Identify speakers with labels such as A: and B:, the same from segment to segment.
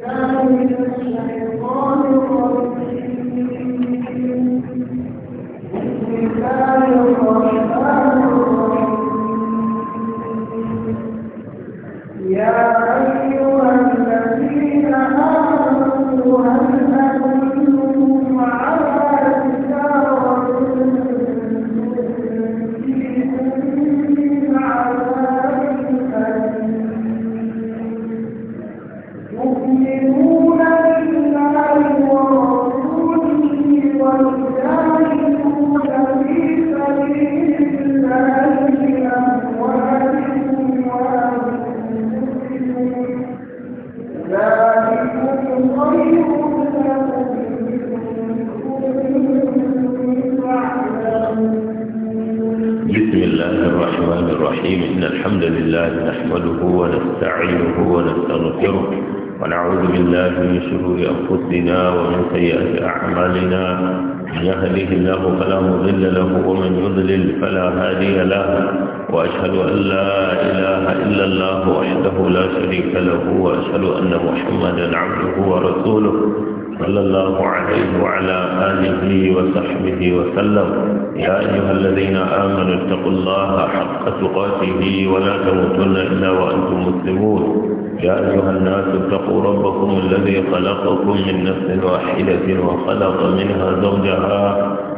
A: يا أيها الذين آمنوا هل
B: حق تقاته ولا تموتن إلا وأنتم مسلمون يا أيها الناس اتقوا ربكم الذي خلقكم من نفس واحدة وخلق منها زوجها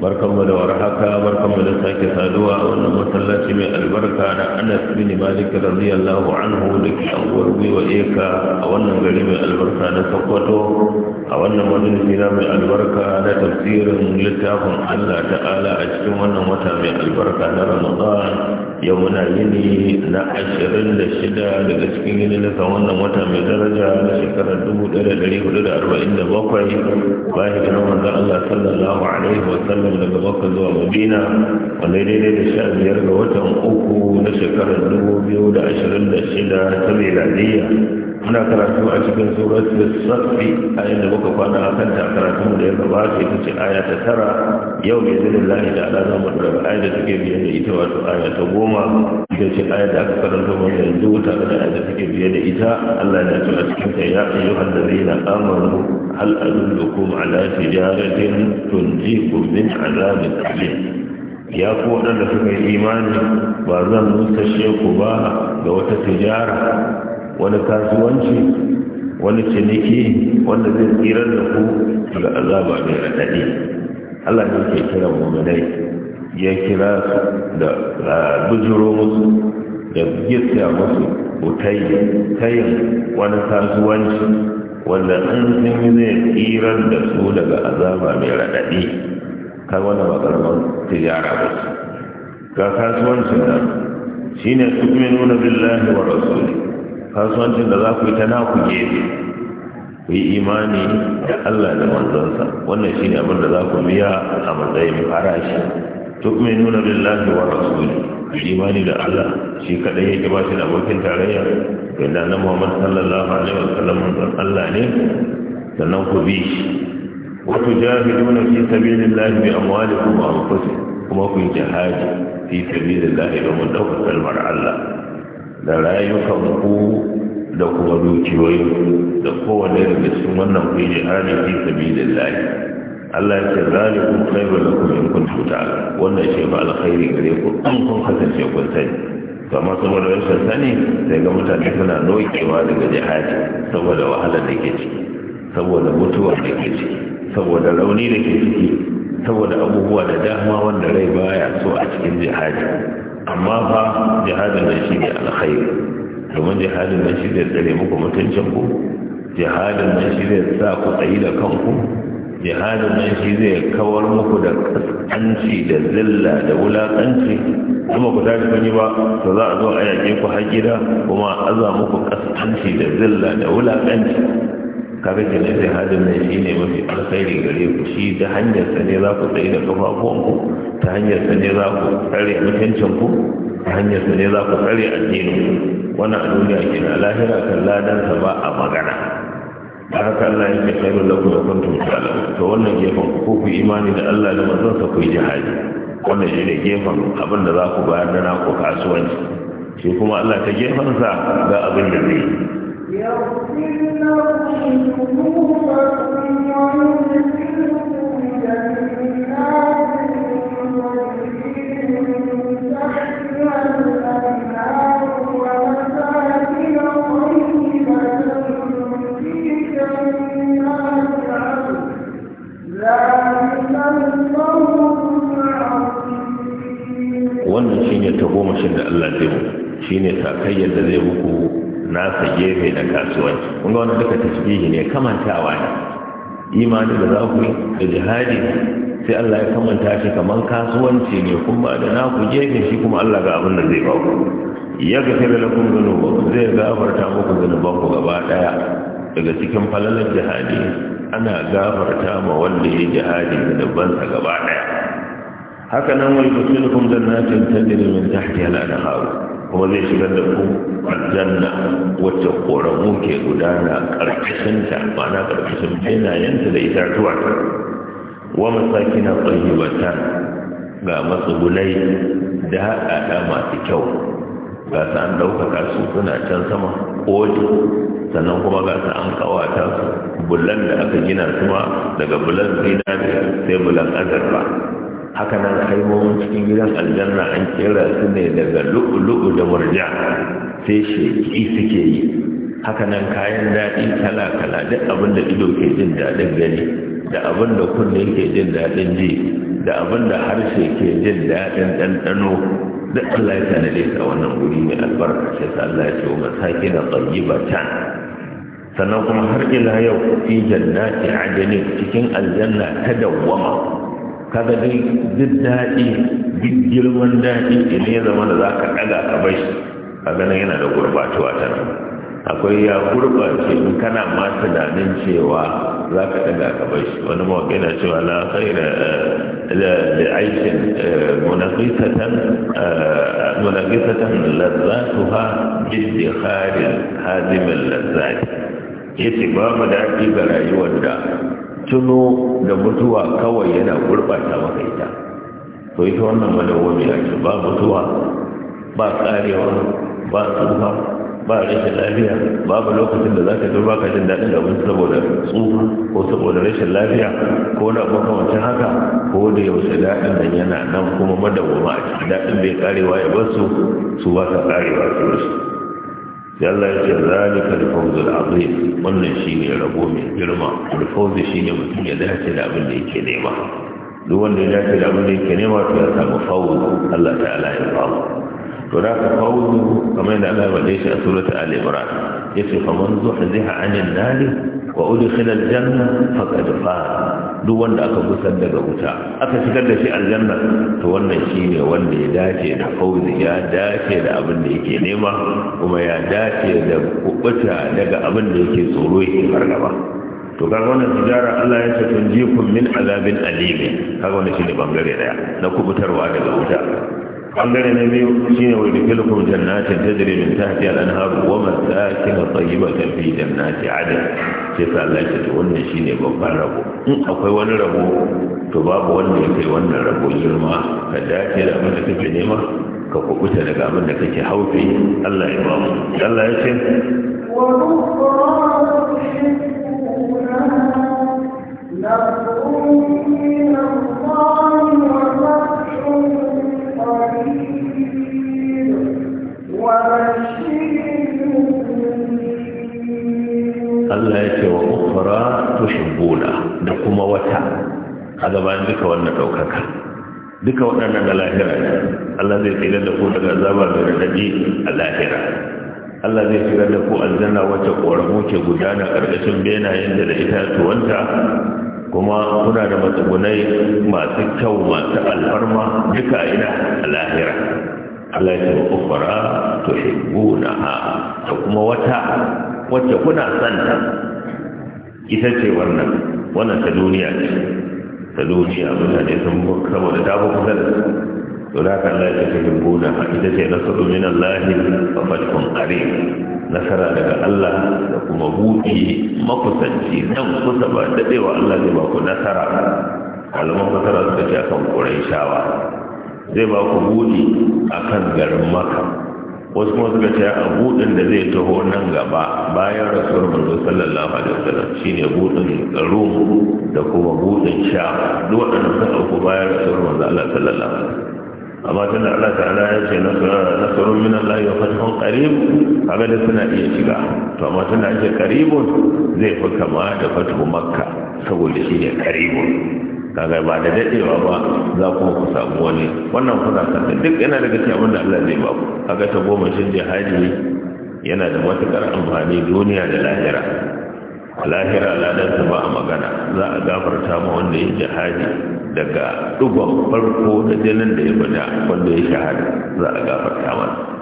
B: barkanmu da warhaka barkanmu da sake saduwa a wannan masallaci mai albarka na anas bin malik radiyallahu anhu da ke anguwar wa eka a wannan gari mai albarka na sokoto a wannan majalisi na mai albarka na tafsirin littafin allah ta'ala a cikin wannan wata mai albarka na ramadan yau muna yini na ashirin da shida daga cikin yininukan wannan wata mai daraja na shekarar dubu ɗaya da ɗari hudu da arba'in da bakwai bayan hijirar manzon allah sallallahu alaihi wa sallam mu daga makka zuwa madina wanda daidai da sha biyar ga watan uku na shekarar dubu biyu da ashirin da shida ta miladiyya muna karatu a cikin suratul safi a da muka kwana a kanta a karatun da ya gabata ita ci aya ta tara yau mai zinin lahi da ala zama da aya da take da ita wato aya ta goma ita ce aya da aka karanta mana yanzu tare da aya da take biyar da ita Allah ya ce a cikin ta ya ayyuhan ladina amanu hal adullukum ala tijaratin tunjikum min azabin alim ya ku waɗanda suka yi imani ba zan nusashe ku ba ga wata tijara wani kasuwanci wani ciniki wanda zai tsirar da ku daga azaba mai raɗaɗi Allah ne ke kira mummunai ya kira su da bujuro musu da gitsa musu butai tayin wani kasuwanci wanda an sun yi zai tsirar da su daga azaba mai raɗaɗi kan wani makarman tijara ba su ga kasuwancin nan shine tu'minuna billahi wa rasuli kasuwancin da za ku yi ta naku gefe ku yi imani da Allah da manzansa wannan shi ne abin da za ku biya a matsayin farashi tu'minuna billahi wa rasuli imani da Allah shi kaɗai yake ba shi da abokin tarayya yadda na Muhammad sallallahu alaihi wa sallam Allah ne sannan ku bi shi wa tujahiduna fi sabilillahi bi amwalikum wa anfusikum kuma ku yi jihadi fi sabilillahi domin ɗaukar kalmar Allah da rayukan ku da kuma dukiyoyi da kowane da cikin wannan kuyi ku yi jihadi da sabilillahi Allah ya ce zalikum da lakum in kun cuta wannan shi ba alkhairi gare ku an kun kasance kun sani ba kama saboda rashin sani sai ga mutane suna nokewa daga jihadi saboda wahala da ke ciki saboda mutuwa da ke ciki saboda rauni da ke ciki saboda abubuwa da dama wanda rai baya so a cikin jihadi amma fa jihadin nan shi ne alkhairi domin jihadin nan shi zai tsare muku mutuncin ku jihadin nan shi zai sa ku tsayi da kanku jihadin nan shi zai kawar muku da kaskanci da zilla da wulakanci kuma ku tashi kun yi ba to za a zo a yaƙe ku har gida kuma aza muku kaskanci da zilla da wulakanci kaga kenan sai hajjin shi ne mafi alkhairi gare ku shi ta hanyar sa ne za ku tsaye da kafafuwan ku ta hanyar sa ne za ku tsare mutuncin ku ta hanyar sa ne za ku tsare addinin ku wannan a duniya na lahira kan ladan sa ba a magana da haka Allah yake khairu lakum wa kuntum ta'lamun to wannan gefen ku ku imani da Allah da manzon sa ku yi jihadi wannan shi ne gefen abin da za ku bayar da naku kasuwanci shi kuma Allah ta gefen sa ga abin da zai yi wannan shine tagomashin da Allah zai mu shine takayyar da zai muku nasa gefe da kasuwanci kun ga wannan duka tasbihi ne kamantawa ne imani da za ku yi da jihadi sai Allah ya kamanta shi kaman kasuwanci ne kuma da naku gefe shi kuma Allah ga abin da zai ba ku ya gafira lakum dhunubakum zai gafarta muku dhunuban ku gaba daya daga cikin falalar jihadi ana gafarta ma wanda ya jihadi da sa gaba daya haka nan wal yudkhilukum jannatin tajri min tahtiha al-anhar kuma zai shigar da ku aljanna wacce ƙoramu ke gudana ƙarƙashinta ma'ana ƙarƙashin benayenta da itatuwa ta wa masakina tsayyibata ga matsugunai da haɗaɗa masu kyau ga su an ɗaukaka su suna can sama ƙoji sannan kuma ga su an kawata su bulan da aka gina su daga bulan zinariya sai bulan azarba haka nan haimomin cikin gidan aljanna an kera su ne daga lu'ulu'u da murja sai sheki suke yi haka nan kayan daɗi kala-kala duk abin da ido ke jin daɗin gani da abin da kunne ke jin daɗin ji da abin da harshe ke jin daɗin ɗanɗano duk Allah ya tanade ka wannan guri mai albarka sai ta Allah ya ce wa masaki na sannan kuma har ila yau fi jannati adani cikin aljanna ta dawwama kaga dai duk daɗi duk girman daɗi idan ya zama da za ka ɗaga ka bai kaga nan yana da gurbatuwa ta nan akwai ya gurɓace in kana ma tunanin cewa za ka ɗaga ka bai wani mawaƙi na cewa na khaira da aikin eh, munafisatan eh, munafisatan lazzatuha biddiharin hazimin lazzati yace babu daɗi ga rayuwar da tuno da mutuwa kawai yana gurɓata maka ita to ita wannan madawwami a ce ba mutuwa ba karewa ba tsufa ba rashin lafiya babu lokacin da za ka ba ka jin daɗin abin saboda tsufa ko saboda rashin lafiya ko na makamancin haka ko da yaushe daɗin nan yana nan kuma madawwama a cikin daɗin bai karewa ya bar su su ba ta karewa su Yalla ya ce zalika al-fawz al-azim wannan shine rabo mai girma al-fawz shine mutum ya dace da abin da yake nema duk wanda ya dace da abin da yake nema to ya samu fawz Allah ta'ala ya fawz to da ka fawz kamar da Allah ya bade shi a surat al-imran yace fa man zuhziha 'anil nar wa udkhila al-janna faqad faz duk wanda aka gusar daga wuta aka shigar da shi aljanna to wannan shine wanda ya dace da kauzi ya dace da abin da yake nema kuma ya dace da kubuta daga abin da yake tsoro yake fargaba to kaga wannan tijara Allah ya ce tunjikum min azabin alim kaga wannan shine bangare daya na kubutarwa daga wuta Ɓangare na biyu shine wa yudkhilukum jannatin tajri min tahtiha al-anhar wa masakin tayyibatan fi jannati adn sai sa Allah ya ce wannan ne babban rabo in akwai wani rabo to babu wanda ya kai wannan rabo girma ka dace da abin da kake nema ka kubuta daga abin da kake haufi Allah ya ba mu Allah ya ce
A: wa نصر من الله
B: tuhibbuna da kuma wata a gaban duka wannan daukaka duka waɗannan da lahira Allah zai tsira da ku daga azaba da radadi a lahira Allah zai tsira da ku aljanna wacce ƙoramu ke gudana ƙarƙashin benayen da da itatuwanta kuma kuna da matsugunai masu kyau masu alfarma duka ina a lahira Allah ya ukura to shi guna da kuma wata wacce kuna santa ita ce wannan wannan ta duniya ce ta duniya mutane sun saboda ta fi kusa da su to da haka Allah ya cikin buna ita ce nasaru min Allah wa fatkun qarib nasara daga Allah da kuma buɗe makusanci Zan kusa ba daɗewa Allah zai ba ku nasara malaman fasara suka ce akan ƙurai shawa zai ba ku a akan garin maka wasu masu suka ce a budin da zai taho nan gaba bayan rasuwar manzo sallallahu alaihi wasallam shine budin rum da kuma budin sha duk waɗanda sun auku bayan rasuwar manzo Allah sallallahu alaihi wasallam amma tana Allah ta'ala ya ce nasarun min Allah ya fatahun qarib kaga da suna iya shiga to amma tana ake qaribun zai fi kama da fatu makka saboda shine karibun. kaga ba da dadewa ba za kuma ku samu wani wannan kuna kanta duk yana daga cikin abin da Allah zai ba ku kaga ta goma shin jihadi yana da matukar amfani duniya da lahira lahira ladan ba a magana za a gafarta ma wanda ya jihadi daga dugon farko da jinin da ya bada wanda ya shahada za a gafarta masa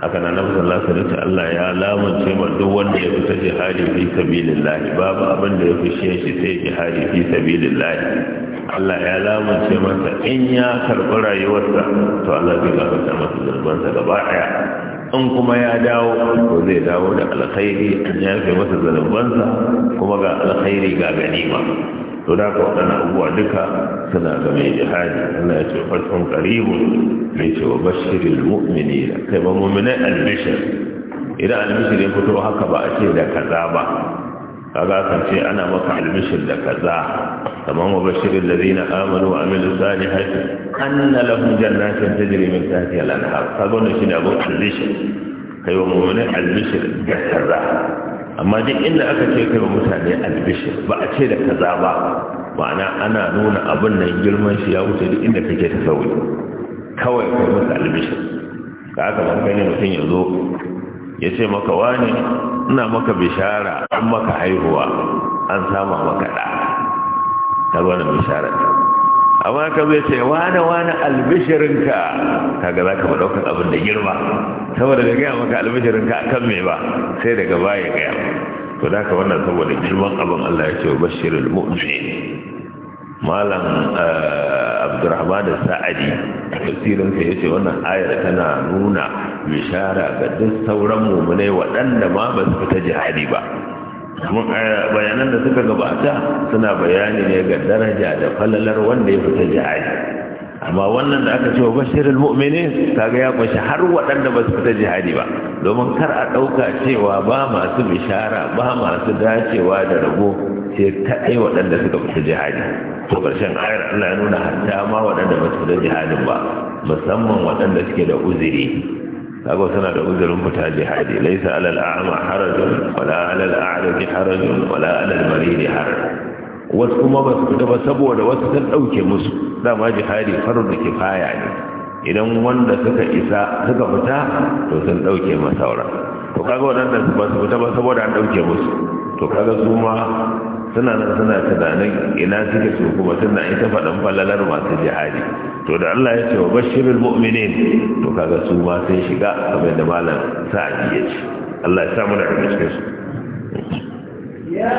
B: haka na nafi sallallahu alaihi Allah ya lamance ma duk wanda ya fita jihadi fi sabilillah babu abin da ya fi shi shi sai jihadi fi sabilillahi. Allah ya lamance masa in ya karɓi rayuwarsa to Allah zai gafarta masa zurbansa gaba ɗaya in kuma ya dawo to zai dawo da alkhairi an yafe masa zurbansa kuma ga alkhairi ga ganima to da ka waɗannan abubuwa duka suna ga mai jihadi Ana ce farkon qaribun mai ce wa bashirin bashiril da. kai ba mu'minai albishir idan albishir ya fito haka ba a ce da kaza ba kaga kan ce ana maka albishir da kaza kamar wa bashirin ladina amanu wa amilu salihati anna lahum jannatin tajri min tahtiha al-anhar kaga wannan shine abun albishir kai wa mu'minin albishir da kaza amma duk inda aka ce kai wa mutane albishir ba a ce da kaza ba ma'ana ana nuna abin nan girman shi ya wuce duk inda kake ta sauri kawai kai masa albishir ka aka ban gani mutum ya zo ya ce maka wani ina maka bishara an maka haihuwa an sama maka ɗa ta wani bishara amma ka zai ce wani wani albishirinka ga za ka ba daukar abin da girma saboda da gaya maka albishirinka a kan mai ba sai daga baya gaya to da ka wannan saboda girman abin allah ya ce wa bashirin mu'ufi malam eh, abdurrahman da sa'adi tafsirinsa ya ce wannan ayar tana nuna bishara ga duk sauran mummunai waɗanda ma ba su fita jihadi ba Eh, bayanan da suka gabata suna bayani ne ga daraja da falalar wanda ya fita jihadi amma wannan da aka ce wa bashirin mu'mini kaga ya kunshi har waɗanda ba su fita jihadi ba domin kar a ɗauka cewa ba masu bishara ba masu dacewa da rabo sai kaɗai waɗanda suka fita jihadi to ƙarshen ayar Allah ya nuna hatta ma waɗanda ba su fita jihadin ba musamman waɗanda suke da uzuri kaga suna da uzurin fita jihadi laisa alal a'ma harajun wala alal a'raj harajun wala alal marid harajun. wasu kuma ba su fita ba saboda wasu sun dauke musu dama jihadi fardu kifaya ne idan wanda suka isa suka fita to sun dauke masa to kaga wadanda ba su fita ba saboda an dauke musu to kaga su ma suna nan suna tunanin ina suke su kuma suna ita faɗin falalar masu jihadi to da Allah ya ce wa bashirin mu'minin to kaga su ma sun shiga kamar da malam sa'adi ya ce Allah ya samu da cikin su ya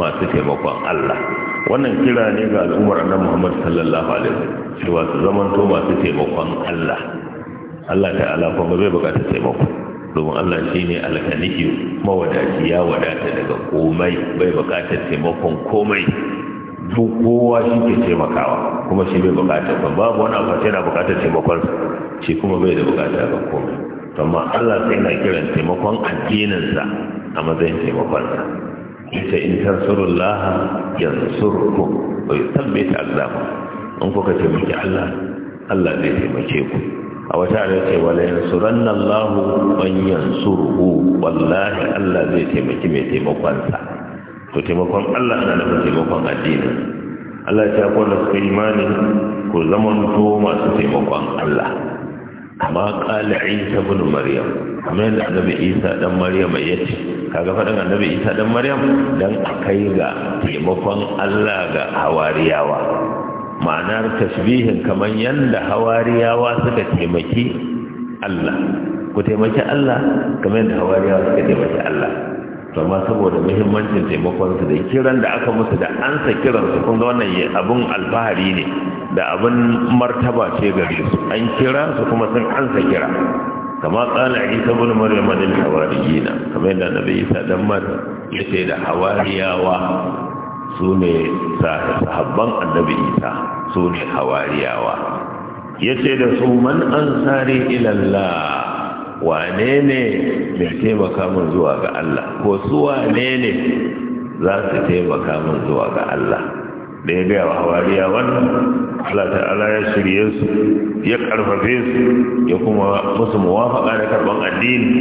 B: masu taimakon Allah wannan kira ne ga al'ummar annabi Muhammad sallallahu alaihi wasallam cewa su to masu taimakon Allah Allah ta'ala kuma bai bukata taimako domin Allah shine alkaniki mawadaci ya wadata daga komai bai bukata taimakon komai duk kowa shi ke taimakawa kuma shi bai bukata ba babu wani abu yana bukatar taimakon shi kuma bai da bukata ga komai amma Allah sai yana kiran taimakon addininsa a matsayin sa. ita in tansurullah yansurku wa yuthabbit aqdamakum in kuka taimaki Allah Allah zai taimake ku a wata da ce wala yansuranna Allah man yansuruhu wallahi Allah zai taimaki mai taimakonsa to taimakon Allah na nufin taimakon addini Allah ta ce ko da imani ko zaman masu taimakon Allah kama kala isa bin maryam kamar annabi isa dan maryam ya ce kaga faɗin annabi isa dan maryam dan a kai ga taimakon allah ga hawariyawa ma'anar tasbihin kamar yadda hawariyawa suka taimaki allah ku taimaki allah kamar yadda hawariyawa suka taimaki allah amma saboda muhimmancin su da kiran da aka musu da an kiran kiransu kun ga wannan abun alfahari ne da abun martaba ce gare su an kira su kuma sun an sa kira kama kala isa bin maryam lil hawariyina kamar da nabi isa dan maryam yace da hawariyawa su ne sahabban annabi isa su ne hawariyawa yace da su man ansari ila allah wane ne mai taimaka min zuwa ga Allah ko su wane ne za su taimaka min zuwa ga Allah da ya gaya wa hawariya wannan Allah ta'ala ya shirye su ya karfafe su ya kuma musu muwafaka da karban addini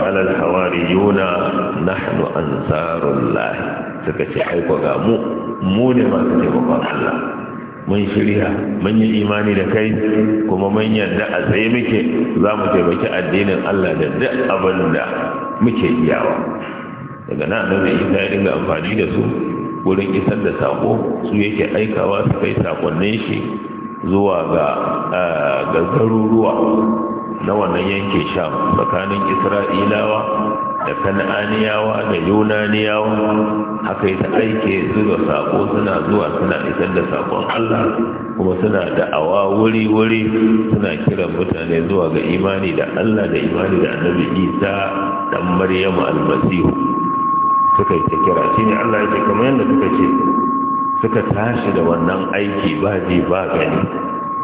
B: alal hawariyuna nahnu ansarullah suka ce aiko ga mu mu ne masu taimakon Allah mun shirya mun yi imani da kai kuma mun yarda a tsaye muke za mu taimaki addinin Allah da duk abin da muke iyawa daga nan da isa ya dinga amfani da su wurin isar da sako su yake aikawa su kai sakonnin shi zuwa ga ga garuruwa na wannan yankin sham tsakanin isra'ilawa da kan'aniyawa da yunaniyawa haka yi ta aike zuwa saƙo sako suna zuwa suna isar da sakon Allah kuma suna da'awa wuri-wuri suna kiran mutane zuwa ga imani da Allah da imani da annabi isa dan maryamu almasihu suka yi ta kira shi ne Allah ya ce kamar yadda suka ce suka tashi da wannan aiki ba ji ba gani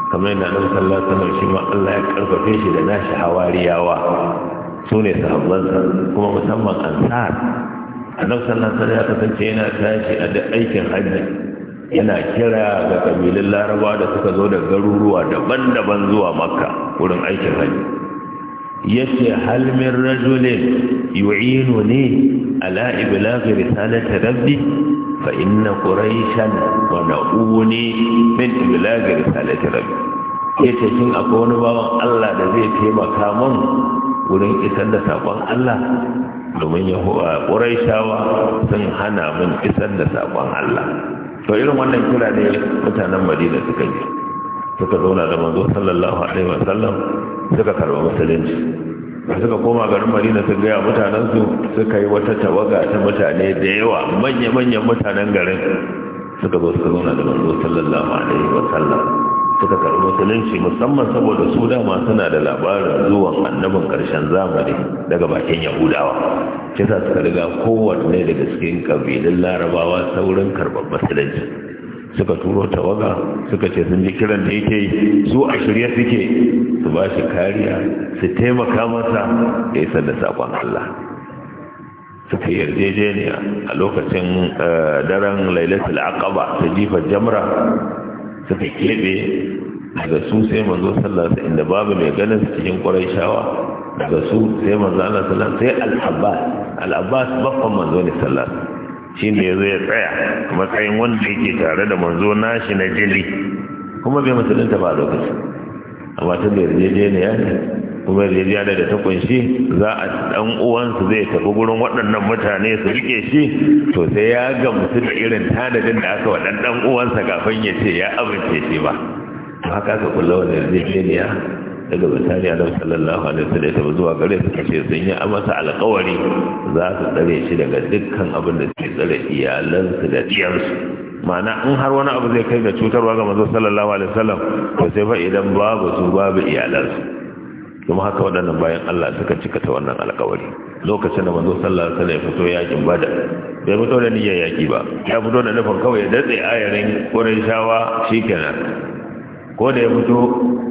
B: kamar yadda nan sallallahu alaihi wasallam shi ma Allah ya karfafe shi da nashi hawariyawa su ne sahabbansa kuma musamman ansar annabi sallallahu alaihi wasallam ya kasance yana tashi a duk aikin hajji yana kira ga kabilun larabawa da suka zo da garuruwa daban-daban zuwa makka wurin aikin hajji yace hal min rajulin yu'inuni ala iblaghi risalati rabbi fa inna quraishan wa na'uni min iblaghi risalati rabbi yace shin akwai wani bawan Allah da zai taimaka mun wurin isar da sakon Allah domin ya huwa ƙuraishawa sun hana mun isar da sakon Allah to irin wannan kira ne mutanen madina suka yi suka zauna da manzo sallallahu alaihi sallam suka karba musulunci suka koma garin madina suka gaya mutanensu suka yi wata tawaga ta mutane da yawa manya-manyan mutanen garin suka zo suka zauna da manzo sallallahu alaihi sallam suka karbi musulunci musamman saboda su dama suna da labarin zuwan annabin karshen zamani daga bakin yahudawa kisa suka riga kowanne daga cikin ƙabilun larabawa saurin karɓar musulunci suka turo tawaga suka ce sun ji kiran da yake su a shirye suke su ba shi kariya su taimaka masa ya isar da sakon Allah suka yarjejeniya a lokacin eh, daren lailatul aqaba ta jifa jamra suka kebe daga su sai manzo sallallahu alaihi inda babu mai ganin cikin quraishawa daga su sai manzo Allah sallallahu alaihi sai al-abbas al-abbas babban manzo ne sallallahu shi ne zo ya tsaya matsayin wanda yake tare da manzo nashi na jili kuma bai musulunta ba lokacin amma tun da yarjejeniya ne kuma yarjejeniya da ta kunshi za a dan uwansu zai tafi gurin waɗannan mutane su rike shi to sai ya gamsu da irin tanadin da aka waɗan dan uwansa kafin ya ce ya amince shi ba to haka aka kula wani yarjejeniya daga bisani a nan sallallahu alaihi wasallam ta zuwa gare su kace sun yi masa alƙawari za su tsare shi daga dukkan abin da suke tsare iyalansu da diyansu ma'ana in har wani abu zai kai ga cutarwa ga manzo sallallahu alaihi wasallam to sai fa idan babu su babu iyalansu kuma haka waɗannan bayan Allah suka cika ta wannan alƙawari. lokacin da manzo sallallahu alaihi wasallam ya fito yakin Bada, bai fito da niyyar yaki ba ya fito da nufin kawai ya datse ayarin qurayshawa shikenan ko da ya fito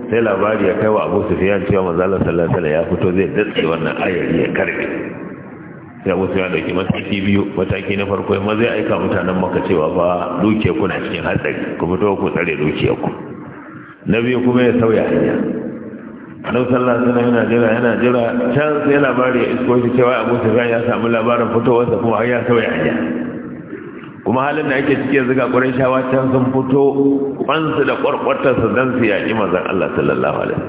B: sai labari ya kai wa Abu Sufyan cewa manzo sallallahu alaihi wasallam ya fito zai datse wannan ayari ya karbe sai Abu Sufyan dauki mataki biyu mataki na farko ya zai aika mutanen maka cewa fa duke kuna cikin hatsari ku fito ku tsare dukiyarku na biyu kuma ya sauya hanya annabi sallallahu alaihi wasallam yana jira yana jira can sai labari ya isko shi cewa Abu Sufyan ya samu labarin fitowarsa kuma har ya sauya hanya kuma halin da ake cike zuga ga shawa can sun fito kwansu da kwarkwatarsa dan su yaƙi mazan Allah sallallahu alaihi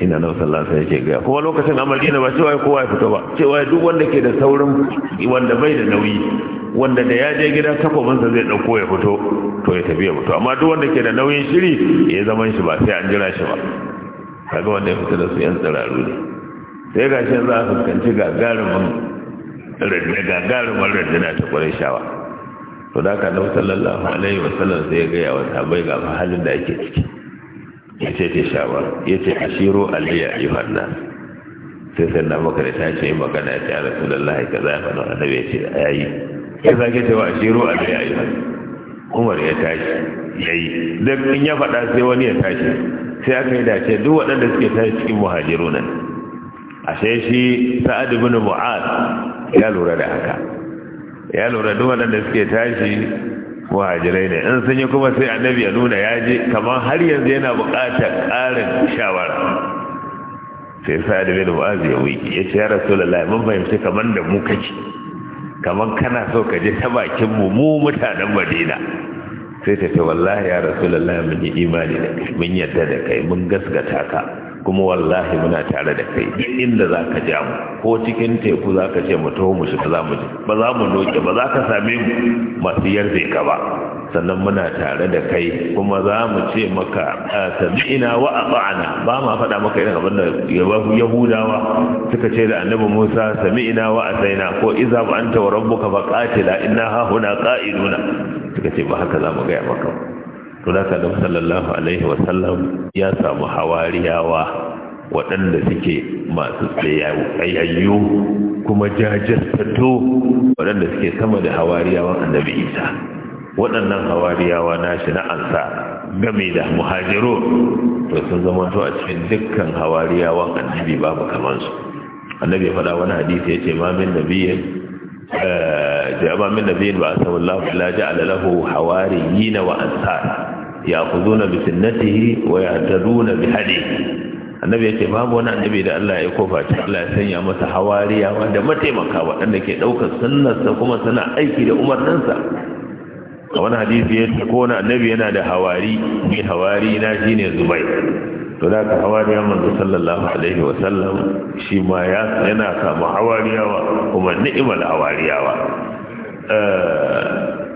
B: ina nan sallallahu alaihi yake gaya kuma lokacin ne ba cewa kowa ya fito ba cewa duk wanda ke da saurin wanda bai da nauyi wanda da ya je gida takobinsa zai ɗauko ya fito to ya tafi ya fito amma duk wanda ke da nauyin shiri ya zaman shi ba sai an jira shi ba kaga wanda ya fita da su yan tsiraru ne sai ga shi za a fuskanci gagarumin gagarumin rundina ta kwarai shawa to da ka nau sallallahu alaihi wasallam sai ya gaya wa sabai ga halin da ake ciki ya ce ta shawa ya ce a aliyya na sai sai na maka da ta ce magana ya ce a rasulallahi ka za a faɗa annabi ya ce a yayi ya sake shiro aliyu a yohanna umar ya tashi ya yi don in ya faɗa sai wani ya tashi sai aka yi dace duk waɗanda suke ta cikin muhajiruna ashe shi sa'ad ibn Mu'ad ya lura da haka ya lura duk waɗanda suke tashi muhajirai ne in sun yi kuma sai annabi ya nuna ya je kamar har yanzu yana buƙatar ƙarin shawara sai sa'ad ibn Mu'ad ya wuce. ya ce ya rasulullahi mun fahimci kamar da mu kake kamar kana so ka je ta bakin mu mu mutanen madina sai ta ce wallahi ya lallai mun yi imani da kai mun yadda da kai mun gaskata ka kuma wallahi muna tare da kai duk inda za ka ja mu ko cikin teku za ka ce mu taho mu shiga za mu ji ba za mu doke ba za ka same mu masu yarda ka ba sannan muna tare da kai kuma za mu ce maka sami'ina wa ata'ana ba ma faɗa maka irin abin da yahudawa suka ce da annabi musa sami'ina wa asaina ko iza ba anta wa rabbuka faqatila inna ha huna qa'iduna suka ce ba haka za mu gaya maka to da ka dan sallallahu alaihi sallam ya samu hawariyawa waɗanda suke masu tsayayyu kuma jajastato waɗanda suke sama da hawariyawan annabi isa waɗannan hawariyawa na shi na ansa game da muhajiro to sun zama to a cikin dukkan hawariyawan annabi babu kamansu annabi ya faɗa wani hadisi ya ce mamin nabiyin da min nabiyin ba a sallallahu ila ja'ala lahu hawariyina wa Ya ya'khuduna bi sunnatihi wa annabi ya ce babu wani annabi da Allah ya kofa ta Allah ya sanya masa hawariya wanda mataimaka waɗanda ke ɗaukar sunnarsa kuma suna aiki da umarninsa a wani hadisi ya ce ko wani annabi yana da hawari mai hawari na shine zubai to da ka hawariya manzo sallallahu alaihi wa sallam shi ma ya yana kama hawariyawa kuma ni'mal hawariyawa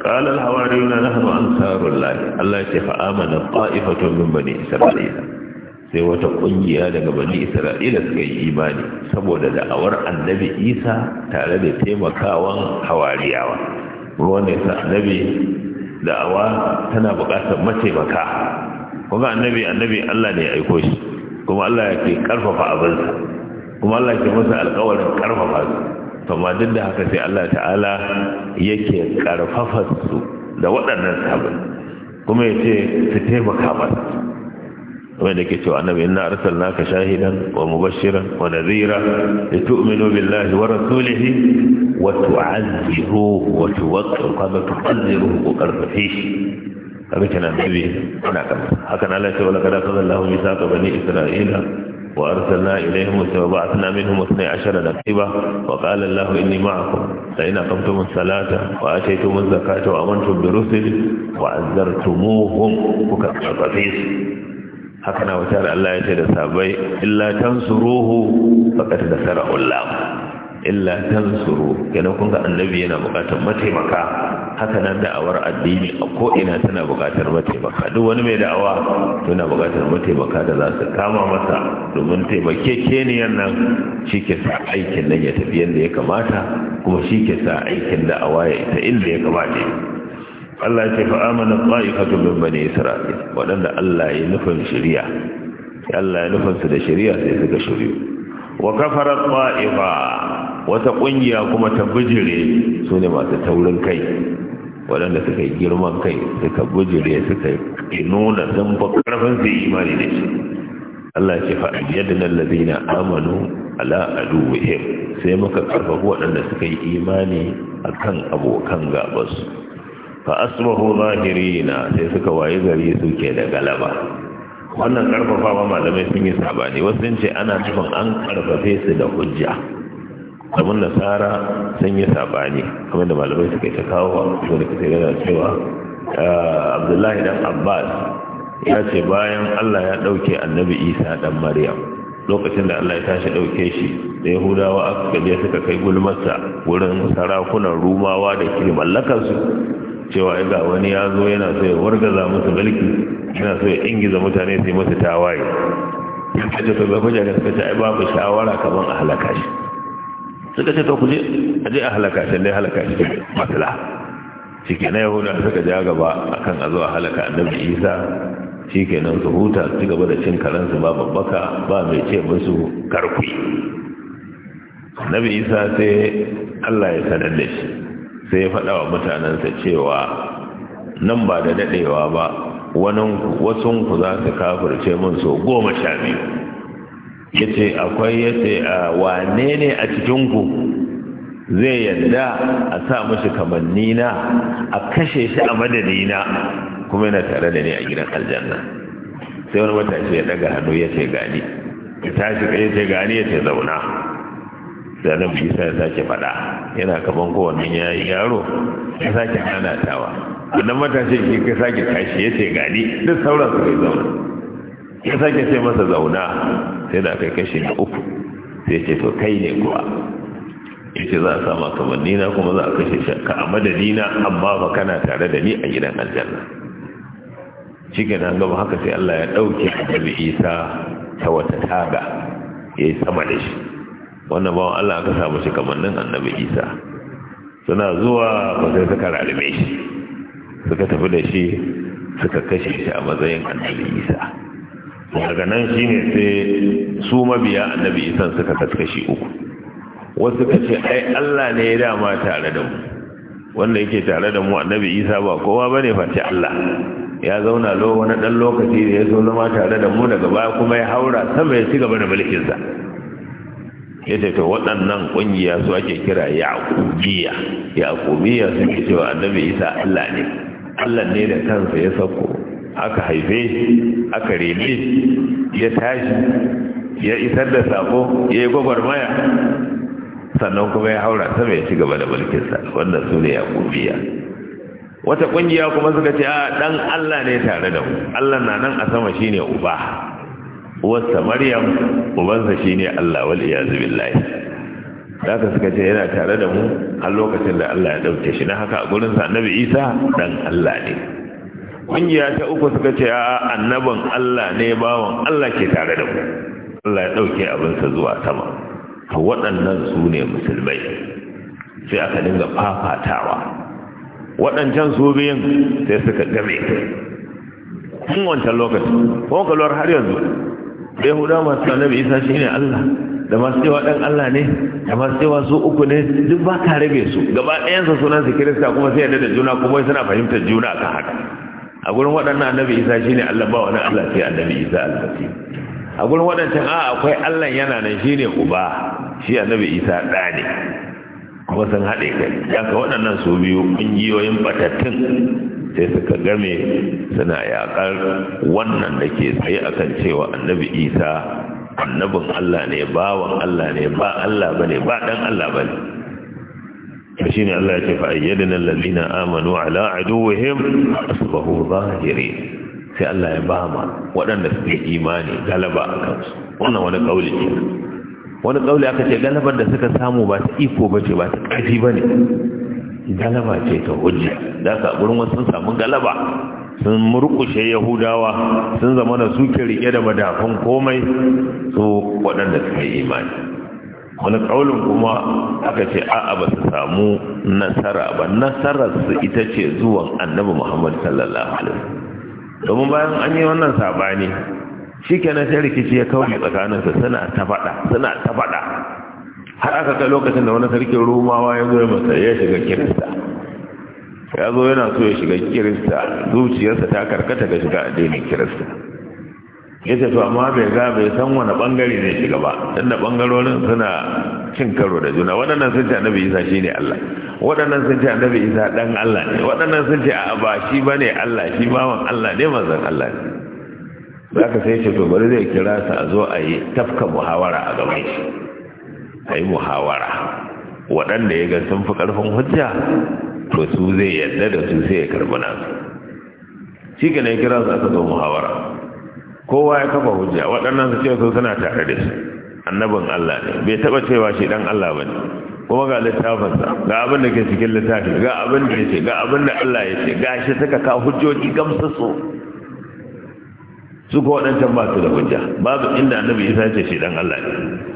B: قال الحواريون نحن أنصار الله الله فآمن طائفة من بني إسرائيل sai wata kungiya daga bani isra'ila suka yi imani saboda da'awar annabi isa tare da taimakawan hawariyawa ruwan da isa annabi da'awa tana bukatar mataimaka kuma annabi annabi Allah ne ya aiko shi kuma Allah ke karfafa abinsa kuma Allah ke masa alƙawarin karfafa su amma duk da haka sai Allah ta'ala yake karfafa su da waɗannan sahabbai kuma ya ce su taimaka masa da ke cewa annabi inna arsalnaka shahidan wa mubashiran wa nadhira litu'minu billahi wa rasulihi wa tu'azziruhu wa tuwaqqiru wa tuqaddiruhu wa qarfafihi kaga kenan annabi ana kan haka Allah ya ce wala kada sallallahu misaqa bani isra'ila wa arsalna ilayhim wa ba'athna minhum 12 naqiba wa qala Allah inni ma'akum la in aqamtum as-salata wa ataytum az-zakata wa amantum bi rusuli wa azzartumuhum kuka tsafafe su haka na wata Allah ya ce da sabai illa tansuruhu faqad nasara Allah illa tansuru kenan kun ga annabi yana bukatar mataimaka haka nan da'awar addini a ko ina tana bukatar mataimaka duk wani mai da'awa yana bukatar mataimaka da za su kama masa domin keniyan nan shi ke sa aikin nan ya tafi yadda ya kamata kuma shi ke sa aikin da'awa ya ita inda ya kamata Allah ce fa amana qa'ifatu min bani isra'il wadanda Allah ya nufin shari'a Allah ya nufin su da shari'a sai suka shari'u wa kafara qa'ifa wata ƙungiya kuma ta bijire su ne masu taurin kai waɗanda suka yi girman kai suka bijire suka yi nuna sun fi ƙarfin yi imani da shi Allah ce fa ayyadna na, amanu ala Al-Wuhim, sai muka karfafa waɗanda suka yi imani a kan abokan gabasu fa asbahu zahirina sai suka waye gari suke da galaba wannan karfafawa malamai sun yi sabani wasu sun ce ana nufin an karfafe su da hujja abin da tsara sun yi saɓani kamar da malamai suka ta kawo wanda ka sai yana cewa ah, abdullahi dan abbas ya ce bayan allah ya ɗauke annabi isa dan maryam lokacin da allah ya tashi ɗauke shi da yahudawa aka je suka kai gulmarsa wurin sarakunan rumawa da ke mallakarsu cewa ga wani ya zo yana so ya wargaza musu mulki yana so ya ingiza mutane su yi musu tawaye ya ce to ga kujaga suka ce ai babu shawara kaman a halaka shi suka ce to ku je a je a halaka shi dai halaka shi matsala shi ke na yahuda suka ja gaba akan a zo a halaka annabi isa shi ke nan su huta su gaba da cin karansu ba babbaka ba mai ce musu karkwi annabi isa sai allah ya sanar da shi sai ya faɗa wa mutanensa cewa nan ba da daɗewa ba wasunku za su kafirce min so goma sha biyu yace akwai yace wane ne a cikin ku zai yadda a sa mashi kamanni na a kashe shi a madadi na kuma yana tare da ni a gidan aljanna sai wani matashi ya daga hannu ya ce gani ya tashi ya ce gani ya ce zauna sai nan bisa ya sake faɗa yana kaman kowannen ya yi yaro ya sake hana tawa wannan matashin shi sake tashi ya ce gani duk sauran su bai zauna ya sake ce masa zauna sai da kai kashi na uku sai ce to kai ne kuwa ya ce za a sama kamanni na kuma za a kashe shakka a madadi na amma ba kana tare da ni a gidan aljanna shi ke nan gaba haka sai Allah ya ɗauke annabi isa ta wata taga ya yi sama da shi wannan bawan Allah aka samu shi kamannin annabi isa suna zuwa ba sai suka rarrabe shi suka tafi da shi suka kashe shi a matsayin annabi isa daga nan shi ne sai su mabiya annabi isan suka kaskashi uku wasu ka ce ai Allah ne ya dama tare da mu wanda yake tare da mu annabi isa ba kowa bane face Allah ya zauna lo wani dan lokaci da ya zo zama tare da mu daga baya kuma ya haura sama ya ci gaba da mulkin sa yace to waɗannan kungiya su ake kira yaqubiyya su ke cewa annabi isa Allah ne Allah ne da kansa ya sako aka haife aka rene ya tashi ya isar da sako ya yi maya sannan kuma ya haura sama ya ci gaba da mulkinsa wannan su ne yakubiya wata kungiya kuma suka ce a ah, dan Allah ne tare da mu Allah na nan a sama shine uba uwarsa maryam ubansa shine Allah wal iyaz billahi ka suka ce yana tare da mu a lokacin da Allah ya ɗauke shi na haka a gurinsa annabi Isa dan Allah ne ƙungiya ta uku suka ce a annaban Allah ne bawan Allah ke tare da ku Allah ya ɗauke abinsa zuwa sama to waɗannan su ne musulmai sai aka dinga fafatawa waɗancan su biyun sai suka game kun wancan lokaci ko kalwar har yanzu da yahuda masu annabi isa shi ne Allah da masu cewa ɗan Allah ne da masu cewa su uku ne duk ba ka rabe su gaba ɗayansa sunansa kirista kuma sai yadda da juna kuma suna fahimtar juna kan haka a gurin waɗannan annabi isa shi ne Allah ba wani Allah sai annabi isa albasi a gurin waɗancan a akwai Allah yana nan ne uba shi annabi isa ɗa ne kuma sun haɗe kai ka waɗannan su biyu ƙungiyoyin batattun sai suka game suna yaƙar wannan da ke tsaye kan cewa annabi isa annabin Allah ne bawan Allah ne ba Allah ba ne ba ɗan Allah bane to shine Allah ya ce fa ayyadna allazina amanu ala aduwwihim asbahu zahirin sai Allah ya ba ma waɗanda suke imani galaba a kansu wannan wani kauli ne wani kauli aka ce galabar da suka samu ba ta iko ba ce ba ta ƙarfi ba ne galaba ce ta hujja da aka gurin wasu sun samu galaba sun murkushe yahudawa sun zama da suke rike da madafan komai su waɗanda suka yi imani wani kaulin kuma aka ce a'a ba su samu nasara ba nasarar su ita ce zuwan annabi muhammad sallallahu alaihi domin bayan an yi wannan sabani shi na sai rikici ya kauri tsakaninsa suna ta faɗa suna ta faɗa har aka kai lokacin da wani sarkin rumawa ya zo masa ya shiga kirista ya zo yana so ya shiga kirista zuciyarsa ta karkata ga shiga addinin kirista ya to amma bai ga bai san wani bangare ne shiga ba tun da bangarorin suna cin karo da juna waɗannan sun ce annabi isa shi ne allah waɗannan sun ce annabi isa ɗan allah ne waɗannan sun ce a ba shi ba ne allah shi ba wani allah ne manzan allah ne za ka sai ce to bari zai kira sa a zo a yi tafka muhawara a gaban shi a yi muhawara waɗanda ya ga sun fi ƙarfin hujja to su zai yadda da su sai ya karɓi nasu shi ka ne kira su aka zo muhawara kowa ya kafa hujja waɗannan su ce su suna tare da shi annabin Allah ne bai taba cewa shi dan Allah bane kuma ga littafinsa ga abin da ke cikin littafi ga abin da yake ga abin da Allah ya ce ga shi suka ka hujjoji gamsu su ko waɗancan ba su da hujja babu inda annabi Isa ce shi dan Allah ne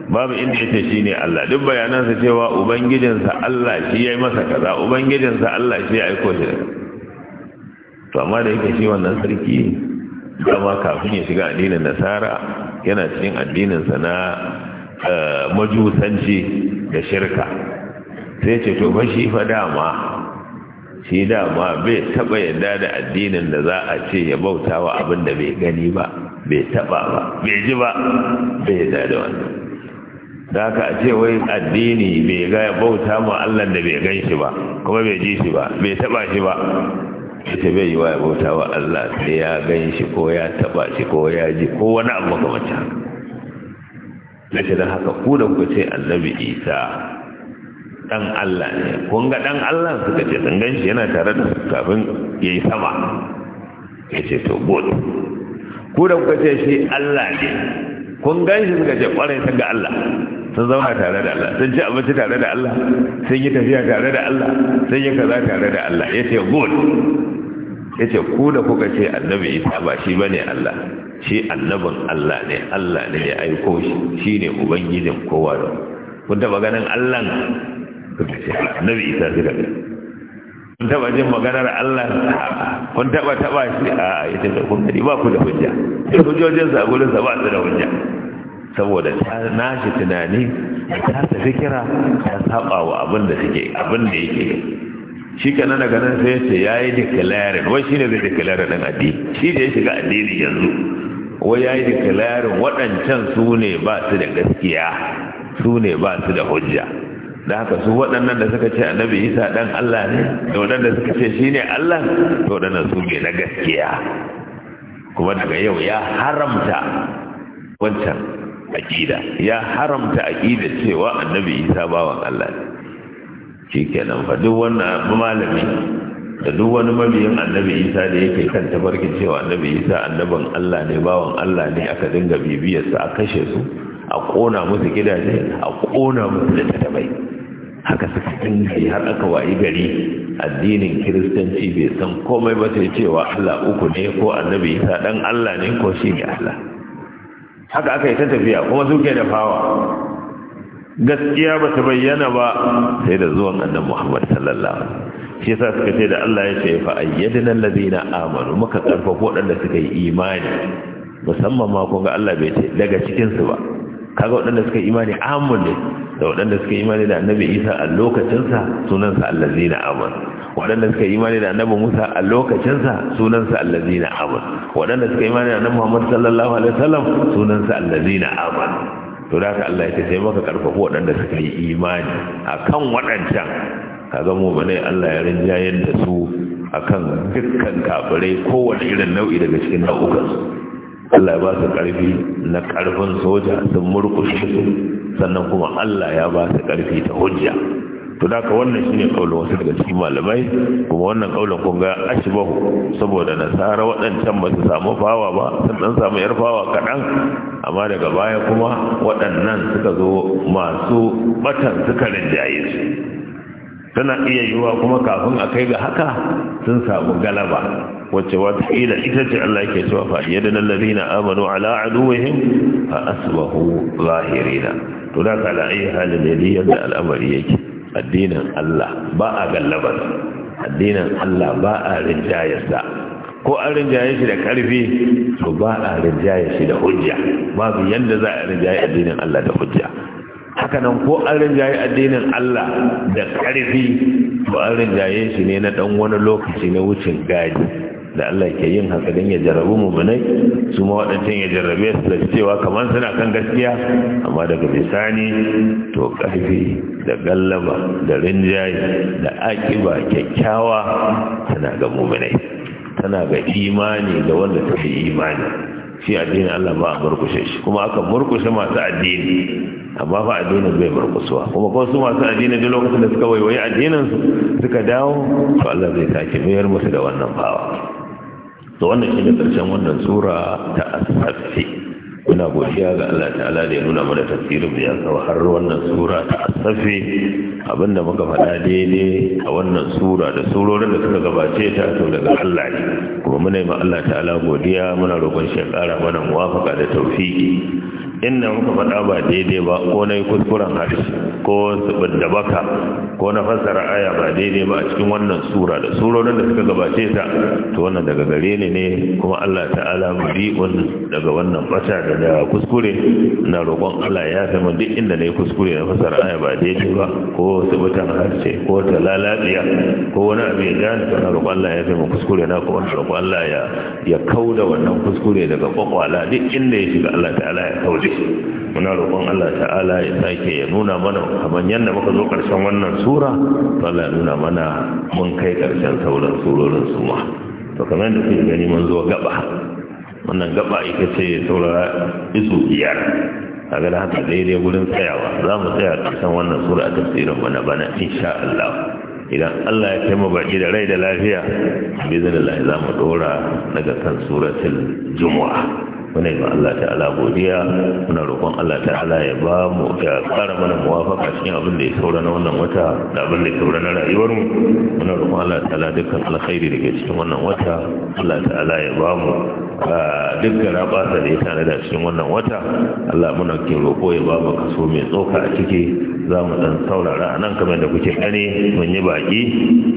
B: babu inda ya ce shi ne Allah duk bayanansa cewa ubangijinsa Allah shi ya yi masa kaza ubangijinsa Allah shi ya aiko shi to amma da yake shi wannan sarki ne dama kafin ya shiga addinin nasara yana cikin addininsa na eh, majusanci da shirka sai ce to fa shi fa dama shi dama bai taba yadda da addinin da za a ce ya bauta wa abin da bai gani ba bai taba ba bai ji ba bai yadda da wannan da aka ce wai addini bai ga ya bauta ma Allah da bai gan shi ba kuma bai ji shi ba bai taba shi ba ita bai yi wa ya bauta wa Allah sai ya gan shi ko ya taba shi ko ya ji ko wani abu makamacin ta. na ce don haka ku da ku ce annabi isa dan Allah ne kun ga dan Allah suka ce sun gan shi yana tare da kafin ya yi sama ya ce to bot ku da kuka ce shi Allah ne kun gan shi suka ce kwarai ta ga Allah sun zauna tare da Allah sun ci abinci tare da Allah sun yi tafiya tare da Allah sun yi kaza tare da Allah ya ce good ya ce ku da kuka ce annabi isa ba shi ba ne Allah shi annabin Allah ne Allah ne ya aiko shi shi ne ubangijin kowa da kun taɓa ganin Allah kuka ce annabi isa suka da kun taɓa jin maganar Allah kun taɓa taɓa shi a ya ce da kun ba ku da hujja duk hujjojinsa a gurinsa ba su da hujja saboda na shi tunani ta ta kira ta saba wa abin da suke abin da yake shi kana daga nan sai ce ya yi declaring wai shine zai declare din addini shi da ya shiga addini yanzu wai ya yi declaring waɗancan su ne ba su da gaskiya su ne ba su da hujja da haka su waɗannan da suka ce annabi isa dan allah ne da waɗanda suka ce shi ne allah to waɗannan su ne na gaskiya kuma daga yau ya haramta wancan aƙida ya haramta aƙida cewa annabi isa bawan Allah ne shi kenan fa duk wani malami da duk wani mabiyin annabi isa da yake kan tabarki cewa annabi isa annaban Allah ne bawan Allah ne aka dinga bibiyarsa a kashe su a ƙona musu gidaje a ƙona musu da tabai. haka suka dinga har aka wayi gari addinin kiristanci bai san komai ba sai cewa Allah uku ne ko annabi isa dan Allah ne ko shi ne Allah haka aka yi ta tafiya kuma suke da fawa gaskiya ba ta bayyana ba sai da zuwan annan muhammad sallallahu shi yasa suka ce da Allah ya ce fa ayyadina allazina amanu muka karfafa waɗanda suka yi imani musamman ma kun ga Allah bai ce daga cikin su ba kaga waɗanda suka yi imani amun ne da waɗanda suka yi imani da annabi Isa a lokacin sa sunan sa allazina amanu waɗanda suka yi imani da annabi Musa a lokacinsa sunansa allazina aman waɗanda suka yi imani da annabi Muhammad sallallahu alaihi wasallam sunansa allazina aman to da haka Allah ya ce sai maka karfafu waɗanda suka yi imani akan waɗancan kaga mu bane Allah ya rinjayar da su akan dukkan kafirai kowane irin nau'i daga cikin nau'ukan su Allah ya ba su ƙarfi na ƙarfin soja sun murƙushe su sannan kuma Allah ya ba su ƙarfi ta hujja to da ka wannan shine kaulin wasu daga cikin malamai kuma wannan kaulin kun ga ashbahu saboda nasara waɗancan ba su samu fawa ba sun dan samu yar fawa kaɗan amma daga baya kuma waɗannan suka zo masu batan suka rinjaye su tana iya yiwuwa kuma kafin a kai ga haka sun samu galaba wacce ila ita ce Allah ke cewa fa yadda na amanu ala aduwihim fa asbahu zahirina to da ka la'ayi halin yadda al'amari yake addinin Allah ba a gallabar addinin Allah ba a rinjayarsa ko an rinjaye shi da karfi to ba a rinjaye shi da hujja babu yanda za a rinjaye addinin Allah da hujja haka nan ko an rinjaye addinin Allah da karfi to an rinjaye shi ne na dan wani lokaci na wucin gadi da Allah ke yin haka don ya jarabu mu bane su ma waɗancan ya jarrabe su da cewa kamar suna kan gaskiya amma daga bisani to ƙarfi da gallaba da rinjaye da aƙiba kyakkyawa tana ga muminai tana ga imani da wanda ta fi imani shi addinin Allah ba a murkushe shi kuma aka murkushe masu addini amma ba addinin bai murkusuwa kuma ko su masu addini duk lokacin da suka waiwayi addinin suka dawo to Allah zai sake mayar musu da wannan bawa to wannan shi ne ƙarshen wannan sura ta asaffe muna godiya ga Allah ta'ala da ya nuna mana tasirin da ya kawo har wannan sura ta asaffe abinda muka faɗa daidai a wannan sura da surorin da suka gabace ta to daga Allah ne kuma muna yi ma Allah ta'ala godiya muna roƙon shi ya ƙara mana muwafaka da tawfiki inda muka faɗa ba daidai ba ko na yi kuskuren harshe ko da baka ko na fassara aya ba daidai ba a cikin wannan sura da surorin da suka gabace ta to wannan daga gare ni ne kuma Allah ta'ala bari'un daga wannan fata da da kuskure na roƙon Allah ya sama duk inda na yi kuskure na fassara aya ba daidai ba ko tsibitan harshe ko ta lalatsiya ko wani abu ya gane na roƙon Allah ya sama kuskure na kuma roƙon Allah ya ya kauda wannan kuskure daga kwakwala duk inda ya shiga Allah ta'ala ya kauce. su muna roƙon Allah ta'ala ya sake ya nuna mana kamar yadda muka zo ƙarshen wannan sura Allah ya nuna mana mun kai ƙarshen sauran surorin su ma to kamar yadda kuke gani mun zo gaba wannan gaba ita ce saurara isu biyar a gada haka daidai wurin tsayawa za mu tsaya ƙarshen wannan sura a tafsirin bana bana insha Allah idan Allah ya kai mu baki da rai da lafiya bizin Allah za mu dora daga kan suratul juma'a muna yi Allah ta'ala godiya muna roƙon Allah ta'ala ya ba mu ya ƙara mana muwafaka cikin abin da ya saura na wannan wata da abin da ya saura na rayuwar mu muna roƙon Allah ta'ala dukkan alkhairi da ke cikin wannan wata Allah ta'ala ya ba mu dukkan rabasa da ya da cikin wannan wata Allah muna ke roƙo ya ba mu kaso mai tsoka a ciki za mu ɗan saurara a nan kamar da kuke gani mun yi baƙi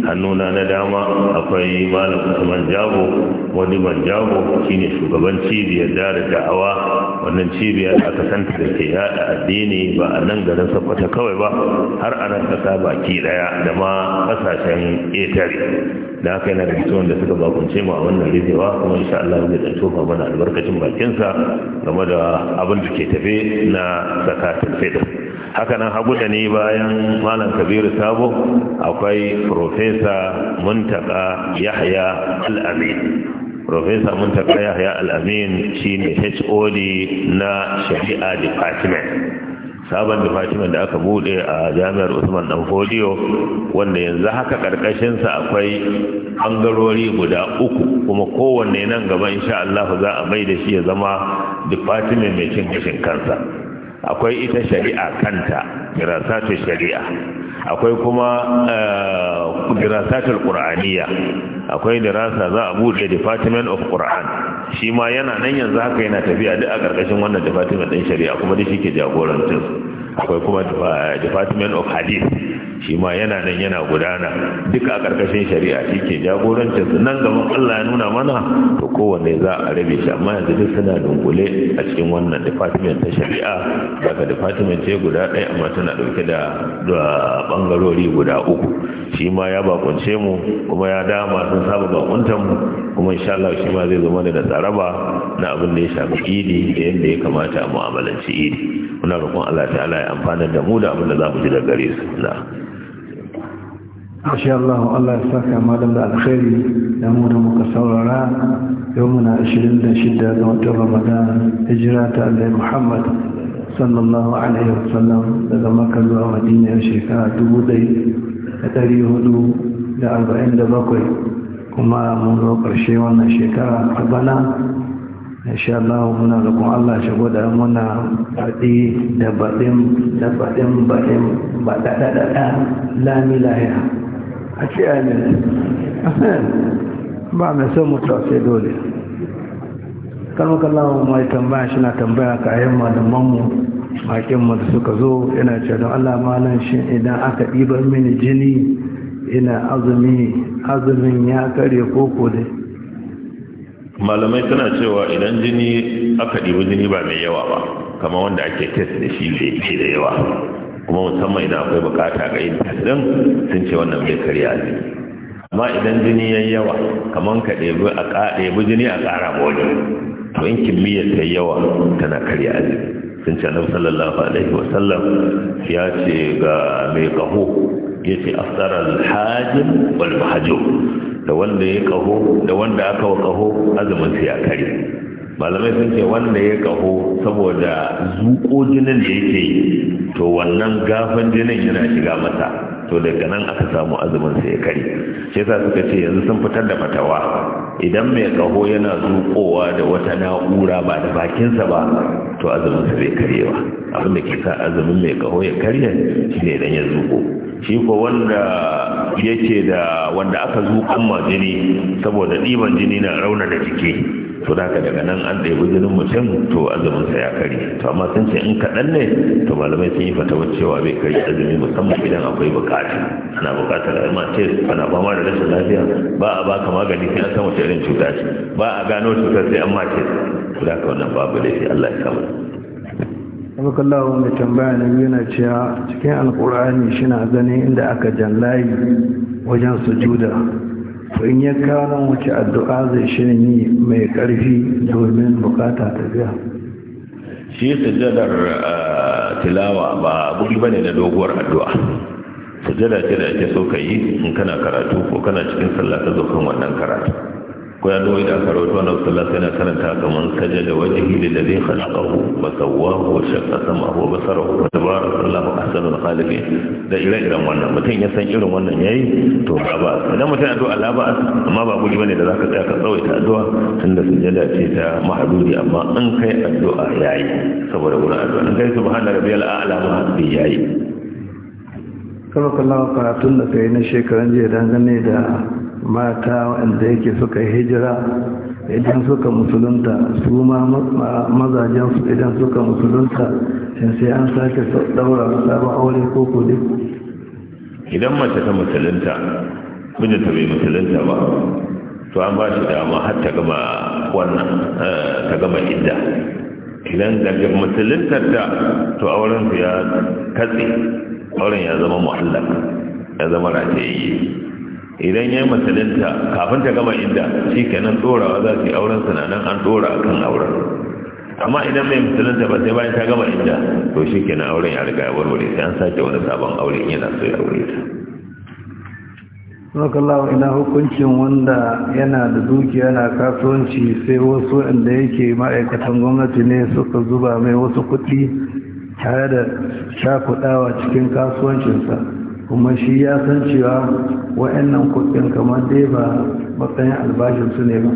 B: hannuna na dama akwai malam usman jago wani man jago shine shugaban cibiyar dara da'awa wannan cibiyar aka santa da ke yada addini ba a nan garin sakwata kawai ba har a nan ƙasa baki ɗaya da ma ƙasashen etare da haka yana da mutumin da suka bakunce mu a wannan rizewa kuma insha Allah zai ɗan tofa mana albarkacin bakinsa game da abin da ke tafe na zakatul fitr hakanan hagu da ni bayan malam kabiru sabo akwai profesa muntaka yahya al-amin profesa muntaka yahya al-amin shine hod na shari'a department sabon department da aka bude a jami'ar usman dan fodiyo wanda yanzu haka karkashinsa akwai bangarori guda uku kuma kowanne nan gaba insha Allah za a bai da shi ya zama department mai cin gashin kansa akwai ita shari'a kanta dirasatul shari'a akwai kuma eh, dirasatul qur'aniyya akwai dirasa za a buɗe department of qur'an shi ma yana nan yanzu haka yana tafiya duk a karkashin wannan department ɗin shari'a kuma da shi ke jagorancin akwai kuma department of hadith shi ma yana nan yana gudana duka a ƙarƙashin shari'a shi ke jagorancin nan gaban Allah ya nuna mana to kowanne za a rabe shi amma yanzu duk suna dunkule a cikin wannan department ta shari'a daga department ce guda ɗaya amma tana ɗauke da ɓangarori guda uku shi ma ya bakunce mu kuma ya dama sun saba bakuntan mu kuma insha Allah shi ma zai zama da tsaraba na abin da ya shafi idi da yadda ya kamata a mu'amalanci idi muna roƙon Allah ta'ala ya amfana da mu da abin da za mu ji da gare su na
C: Masha Allah Allah ya saka malam da alkhairi da mu da muka saurara yau muna 26 ga watan Ramadan hijira ta Allah Muhammad sallallahu alaihi wasallam daga Makka zuwa Madina yau shekara 1447 kuma mun zo ƙarshe wannan shekara a bana insha Allah muna roƙon Allah shi gwada muna faɗi da baɗin da baɗin baɗin baɗaɗaɗa lami lahiya a ce amin ba mai son mutuwa sai dole kalmar kallon mai tambaya shi na tambaya ka ayin malamanmu makinmu da suka zo yana ce don allah malam shi idan aka ɗibar mini jini ina azumi azumin ya kare koko dai
B: malamai suna cewa idan jini aka ɗibi jini ba mai yawa ba kama wanda ake test da shi da yawa kuma musamman idan akwai bukata ga yin tasirin sun ce wannan bai karya azumi amma idan jini yayi yawa kamar ka ɗebi a bu jini a ƙara wani to in kimiyyar ta yawa tana karya azumi sun ce annabi sallallahu alaihi wa sallam, ya ce ga mai kaho ya ce afsara alhajin wal mahajum da wanda ya kaho da wanda aka wa kaho azumin sai ya karya malamai sun ce wanda ya kaho saboda zuko jinin da yake yi to wannan gafan jinin yana shiga masa to daga nan aka samu azumin sai ya kare shi yasa suka ce yanzu sun fitar da fatawa idan mai kaho yana zukowa da wata na'ura ba da bakinsa ba to azumin sa bai karewa abin da ke sa azumin mai kaho ya karya shine idan ya zuko shi ko wanda yake da wanda aka zuƙan ma jini saboda ɗiban jini na da jiki to da daga nan an ɗebi jinin mutum to azumin sa ya kare to amma sun ce in kaɗan ne to malamai sun yi fatawar cewa bai kare azumi musamman idan akwai bukata ana bukatar ma ce ana fama da rashin lafiya ba a baka magani sai an san wace irin cuta ce ba a gano cutar sai an mace to da wannan babu shi Allah ya samu
C: abokallahu mai tambaya na yana cewa cikin alkur'ani shi na ganin inda aka jan layi wajen sujuda in ya kawo wace addu'a zai shirin yi mai ƙarfi domin bukata ta biya
B: shi sujadar eh, tilawa ba buɗi ba ne na doguwar addu'a sujada ce da so ka yi in kana karatu ko kana cikin sallata ta wannan karatu ko ya doyi da karo to annabi kamar alaihi wasallam karanta kaman sajada wajhi lil ladhi da ire-iren wannan mutum ya san irin wannan yayi to ba ba idan mutum ya ba amma ba guri a da ka tsaya ka tsawaita addu'a tunda sujada ce ta mahdudi amma an kai addu'a yayi saboda gurin addu'a in kai subhana rabbiyal a'la
C: ma karatun da kai na shekaran jiya dangane da mata wanda yake suka hijira idan suka musulunta su ma su idan suka musulunta sai an sake daura sabon aure ko kudi
B: idan mace ta musulunta mijinta bai musulunta ba to an ba shi dama har ta gama wannan eh, ta gama idda idan daga musuluntar ta to auren ya katse auren ya zama muhallaka ya zama rataye idan ya yi matsalinta kafin ta gama inda shi kenan dorawa za su yi auren sananan an dora a kan auren amma idan mai matsalinta ba sai bayan ta gama inda to shi kenan auren ya riga ya warware sai an sake wani sabon aure yana so ya aure ta
C: Zokallawa ina hukuncin wanda yana da dukiya na kasuwanci sai wasu inda yake ma'aikatan gwamnati ne suka zuba mai wasu kuɗi tare da shakudawa cikin kasuwancinsa kuma shi ya san cewa wa'annan kudin kamar dai ba matsayin albashin su ne ba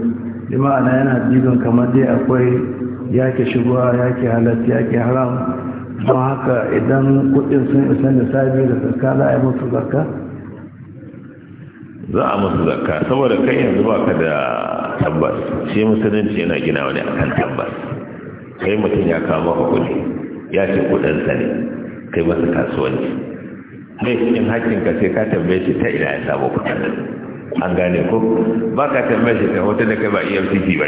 C: da ma'ana yana dibin kamar dai akwai yake shigowa yake halatta yake haram don haka idan kuɗin sun isa sabi da zakka za a yi musu zarka
B: za a musu zarka saboda kai yanzu ba ka da tabbas shi musulunci yana gina wani akan tabbas kai mutum ya kama maka ya ce kuɗinsa ne kai masa kasuwanci ne cikin hakkinka sai ka tambaye shi ta ina ya samu kuɗin an gane ko ba ka tambaye shi ta hoton da kai ba EFCC ba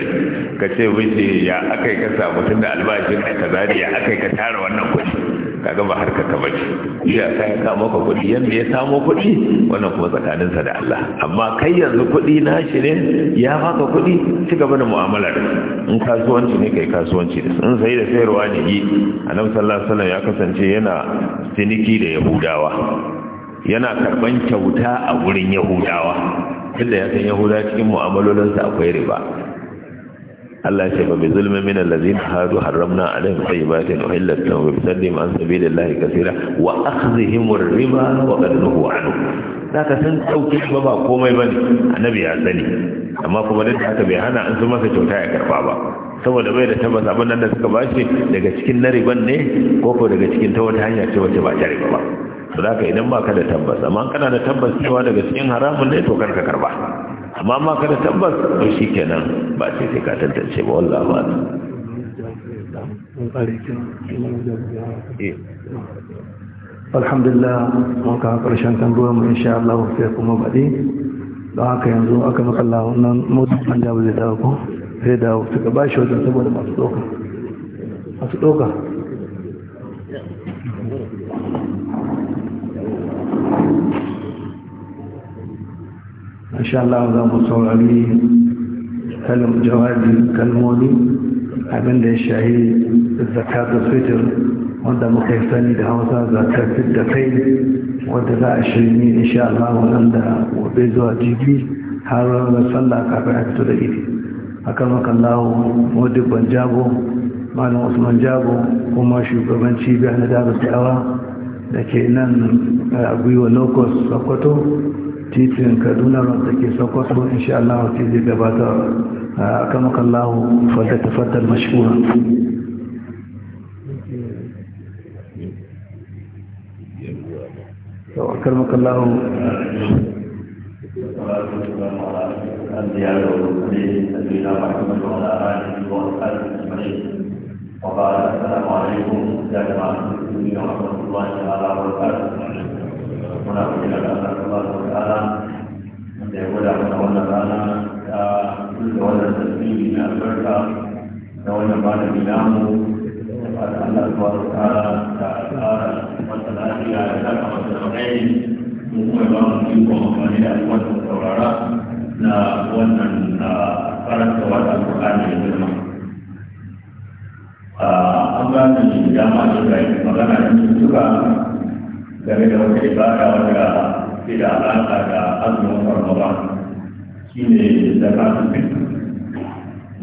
B: ka ce wuce ya akai ka samu tun da albashin ka kaza ya akai ka tara wannan kuɗi kaga ba harka ka bace iya ka ya kama ka kuɗi yanda ya samo kuɗi wannan kuma tsakaninsa da Allah amma kai yanzu kuɗi na shi ne ya baka kuɗi ci gaba da mu'amala da in kasuwanci ne kai kasuwanci da in sai da sayarwa ne yi annabi sallallahu alaihi wasallam ya kasance yana ciniki da yahudawa yana karban kyauta a wurin yahudawa tunda ya san yahudawa cikin mu'amalolinsa akwai riba Allah ya ce ba bi zulmin min allazina hadu harramna alaihim tayyibatin uhillat lahum wa bisaddihim an sabilillahi kaseera wa akhdhihim ar-riba wa qad nuhu Da ka san dauke ba ba komai bane annabi ya sani amma kuma da haka bai hana an su masa kyauta ya karba ba saboda bai da tabbas abin nan da suka bashi daga cikin na riban ne ko ko daga cikin ta wata hanya ce wacce ba ta riba ba to da idan baka da tabbas amma kana da tabbas cewa daga cikin haramun ne to kar ka karba amma ma kada tabbas to shi kenan ba sai sai ka tantance ba wallah ba
D: eh.
C: alhamdulillah mun ka karshen tambayar mu insha Allah sai kuma bade don haka yanzu aka maka Allah wannan motar Punjab zai dawo ko sai dawo suka ba shi wajen saboda masu doka masu doka insha Allah za mu saurari jawabi kalmoni abin da ya shahi zakatul fitr wanda muka yi sani da hausa zakatul da kai wanda za a ne insha Allah da gobe zuwa jibi har ranar sallah kafin a fito da A kan makan lawo wadubban jago malam usman jago kuma shugaban cibiya na darus da'awa da ke nan a gwiwa locust sokoto titin kaduna ron take sokoto insha Allah wata zai gabata a kamakallahu fadda tafaddal mashkura أكرمك وقال
D: السلام عليكم الله وبركاته muna godiya ga Allah subhanahu wa ta'ala wanda ya gwada mana wannan rana ta da wannan tasiri na albarka da wannan malami namu da fata Allah subhanahu wa ta'ala ta tsara masa lafiya
B: da mu kuma ba mu amfani da saurara na wannan karanta wata da girma ah, an ba ni dama da magana da game da wata ibada wadda ke da alaƙa da azumin farmaban shi ne zakatun fitr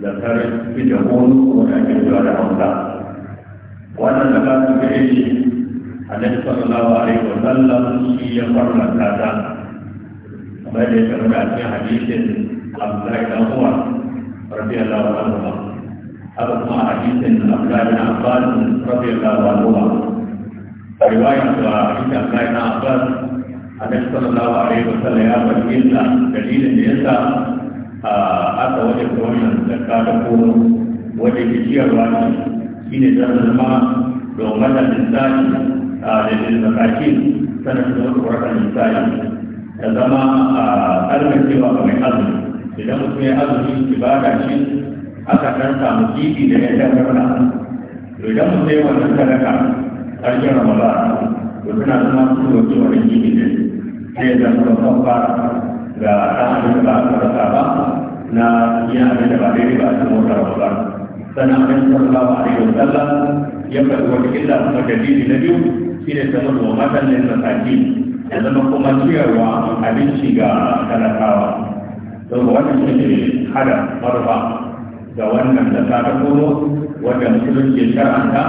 B: zakar fitr wani wani ake zuwa da hausa wannan zakatun fitr annabi sallallahu alaihi wa sallam shi ya farlanta ta kamar da ya tabbata cikin hadisin Abdullahi dan Umar radiyallahu anhu haka kuma hadisin Abdullahi bin Abbas radiyallahu anhu riwayar da ita kai na abbas annabi sallallahu alaihi wasallam ya bayyana dalilin da yasa a uh, aka waje wannan zakka da uh, waje ne zama da a da sanar da zama a mai azumi idan mutum azumi ibada aka kan samu kifi da ya tabbata to idan mutum ƙarshen ramadan to suna zama su dauki wani gini ne sai da farkon fara ga ɗan abin da ba a ba na iya abin da ba daidai ba a cikin wata ramadan sannan abin sallallahu alaihi wa sallam ya faɗi wata illa kuma dalili na biyu shi ne saboda wa matsalin masaki ya zama kuma ciyarwa abinci ga talakawa don wani shi ne hada marfa ga wannan da ta komo wanda musulunci shar'anta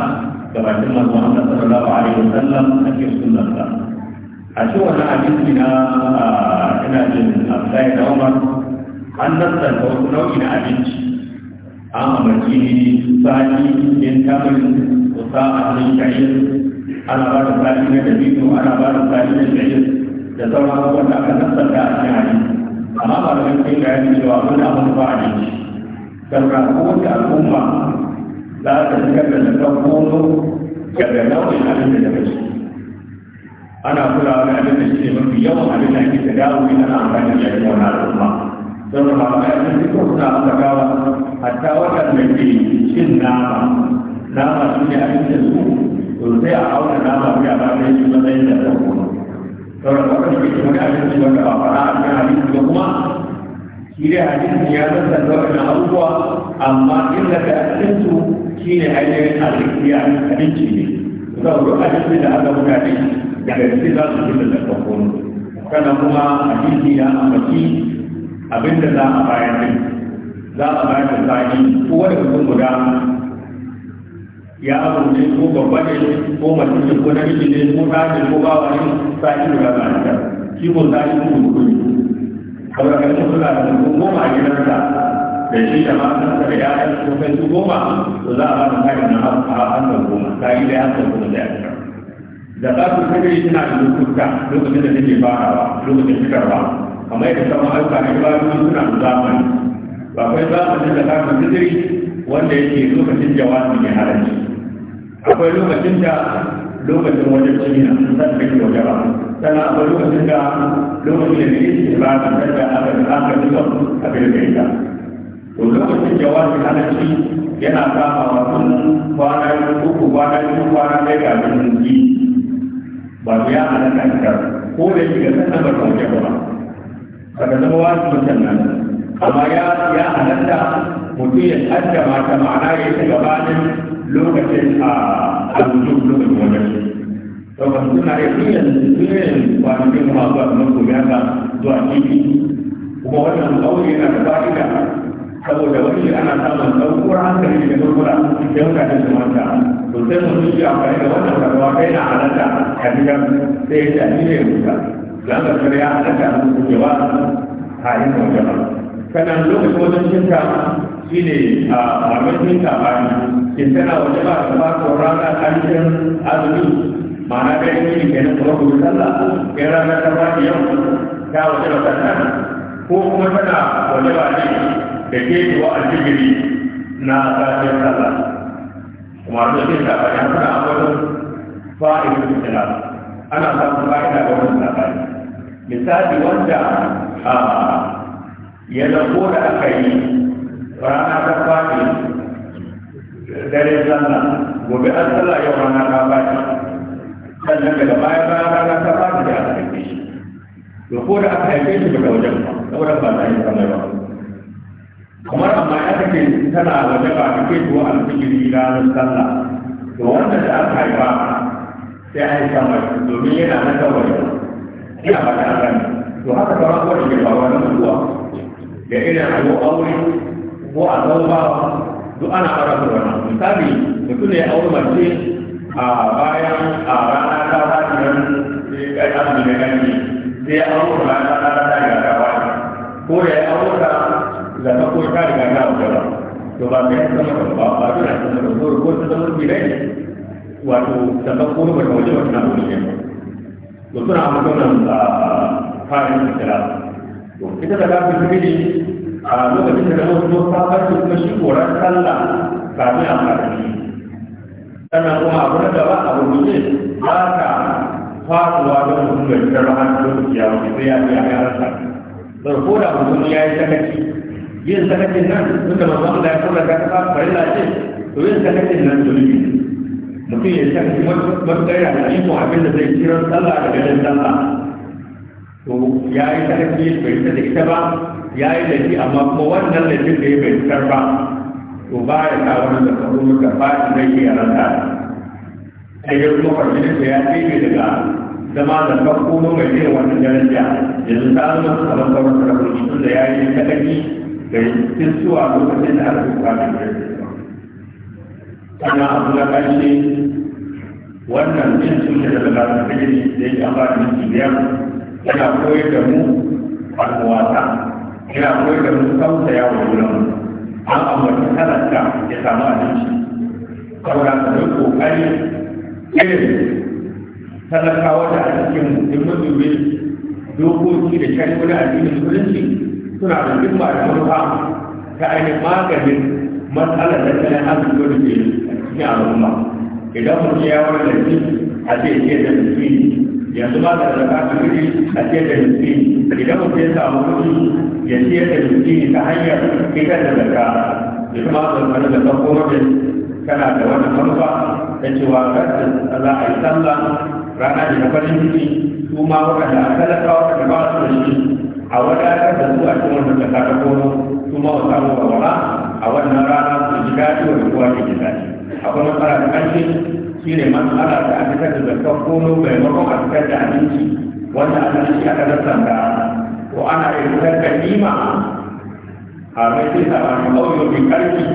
B: gabatin manzon Allah sallallahu alaihi wasallam ake sunnar sa a shi wannan hadisi na ina jin Abdullahi da Umar an nasta da wasu nau'i na abinci an amarci sani din tamarin kusa a hannun shahir ana ba da sani na dabino ana ba da sani na shahir da sauran abubuwan da aka nasta da a cikin hadisi amma ba da kai ga yanzu cewa wani abu ba abinci. Sarrafa kowace al'umma بعد ان كان لك موت كان انا اقول على ان المسلم في يوم من الايام تداوي انا عن ان يكون هذا الماء ثم ما بعد ان تكون هناك حتى وجد من في شن نعمه نعمه تجي عليك تسوق وتضيع عون نعمه في عمل يجي مثلا يجي تسوق ثم ما ان تكون هناك حتى وجد من في شن نعمه نعمه تجي عليك تسوق وتضيع عون نعمه في عمل يجي مثلا يجي تسوق ثم ما بعد ان تكون هناك حتى وجد من في شن نعمه نعمه تجي عليك تسوق وتضيع عون نعمه في عمل يجي مثلا يجي تسوق shi hadisi ya zanta da wannan abubuwa amma inda da cikinsu shi ne ainihin alikiya abinci ne za a cikin da aka mutane daga ciki za su fita da kwakwon kana kuma hadisi ya ambaci abinda za a bayan ne, za a bayan da tsari ko wani mutum guda ya abu ne ko babba ne ko mace ko namiji ne ko ne, ko bawa ne tsari guda ba a shi ko tsari ko mutum kamar ka ci suna da dubu goma a gidanka da shi da matan da ya yi su kai su goma to za a ba ta kai na hankali goma ta yi da ya hankali goma da ya fi da za su kai shi na da lokuta lokacin da take farawa lokacin fitarwa kamar yadda sama alka ne ba su suna da zamani ba kai zamanin da kafin fitiri wanda yake lokacin jawabi ne halarci akwai lokacin da lokacin wajen san da ke wajen ba sannan akwai lokacin da lokacin da ne ke ba ta da aka da aka ji kan abin da ita to lokacin jawabin halarci yana kama wa sun kwana uku kwana yi kwana ɗaya kafin yi ba su ya halarta ta ko da shi ga sannan ba ta wajen ba zama ta su wasu nan. amma ya halarta mutum ya tsaddama ta ma'ana ya shiga bayan lokacin a ah, alwujud kamar suna iya yin kwanakin masu masu yaka zuwa titi kuma wannan ƙauye yana da fa'ida saboda wani ana samun ɗaukuwar hankali da ɗaukura don ka jin manta to sai mutum shi amfani da wannan karawa kai na halatta a gidan sai ya shafi ne rubuta don ka kare ya halatta a mutum cewa a yin wajen ba sannan lokacin wajen cinta shi ne a abin cinta ba ne tana wajen ba ta ba rana ƙarshen azumi ma'ana kai ne ne kenan kuma ku sallah kai ranar ta baki yau ta wace ba ta ko kuma tana waje ba ne da ke cewa aljibiri na safiyar sallah kuma da ke ta baki har suna akwai fa'idu da ana samun fa'ida ga wannan misali wanda ya zafo da aka yi rana ta faɗi dare sallah gobe an sallah ya rana ta faɗi sannan daga baya bayan rana ta fata da aka haife shi to ko da aka haife shi daga wajen ba saboda ba ta yi kamar ba kamar amma ya take tana waje ba ta ke tuwa alfijiri na sallah to wanda da aka haifa sai a haifa mai domin
D: yana na kawai ina ba ta gani to haka sauran kowace ke faruwa na mutuwa
B: da irin a yau aure ko a ba, duk ana fara da wannan misali mutum ne ya aure mace a bayan a rana ta fadi nan sai kai azumi da kanki sai an rufe rana ta ta riga ta fadi ko ya yi aurata zaka ko ta riga ta wuce ba to ba kai ta zama ba ba ta zama zuwa ko ta zama gida ne wato zaka ko ba ta wuce ba ta wuce ba to suna amfani da farin fitila ah, to ita da ta fi fitili a lokacin da ta zo ta fara kuma shi koran sallah kafin a fara kana kuma abu na gaba a rubuce ba ka faruwa da mutum da fitar hannu lokaci ya wuce sai ya fi a yarasa ko da mutum ya yi sakaci yin sakacin nan duka mamman da ya kula da kasa farilla ce to yin sakacin nan zulubi mutum ya sakaci matuƙar ya da iko abin da zai kiran sallah da ganin sallah to ya yi sakaci bai ta da ita ba ya yi laifi amma kuma wannan laifin da ya bai fitar ba To da wani da ba shi تقومك ke بيتي على ذلك sai kuma farfinin da ya ɗaya daga zama da farko lokaci da wannan daraja yanzu ta zama su kamar kamar sarrafa tun da ya yi kadaki da cikin zuwa lokacin da aka kuka da ya sannan abu na ƙarshe wannan cin tushe da daga da kajin da yake amfani da biyar yana koyar da mu alwasa yana koyar da mu tausaya wa junanmu an amurka talaka ya samu abinci saboda ka yi kokari irin talakawa da a cikin duk mutumin dokoki da shari'o'i addinin musulunci suna da duk ba da manufa ta ainihin maganin matsalar da tsanin arziki da ke cikin al'umma idan mutum ya wani da shi a zai ce da mutum yanzu ba da zaka su kudi a ce da miskini idan mutum ya samu kudi ya ce da miskini ta hanyar fitar da zaka ya kuma zaka da zaka ko mace kana da wani manufa ta cewa kada za a yi sallah rana da na farin ciki su ma waɗanda a talaka waɗanda ba su da shi a wadatar da su a cikin wanda ta ta kono su ma wata mu a wannan rana su ji daɗi wa kowa ke ji daɗi akwai matsala da ƙarfi shi ne matsala ta fitar da bai kono maimakon a fitar da abinci wanda aka shi aka da ko ana iya fitar da nima a mai sai sa wani mawuyofin karfi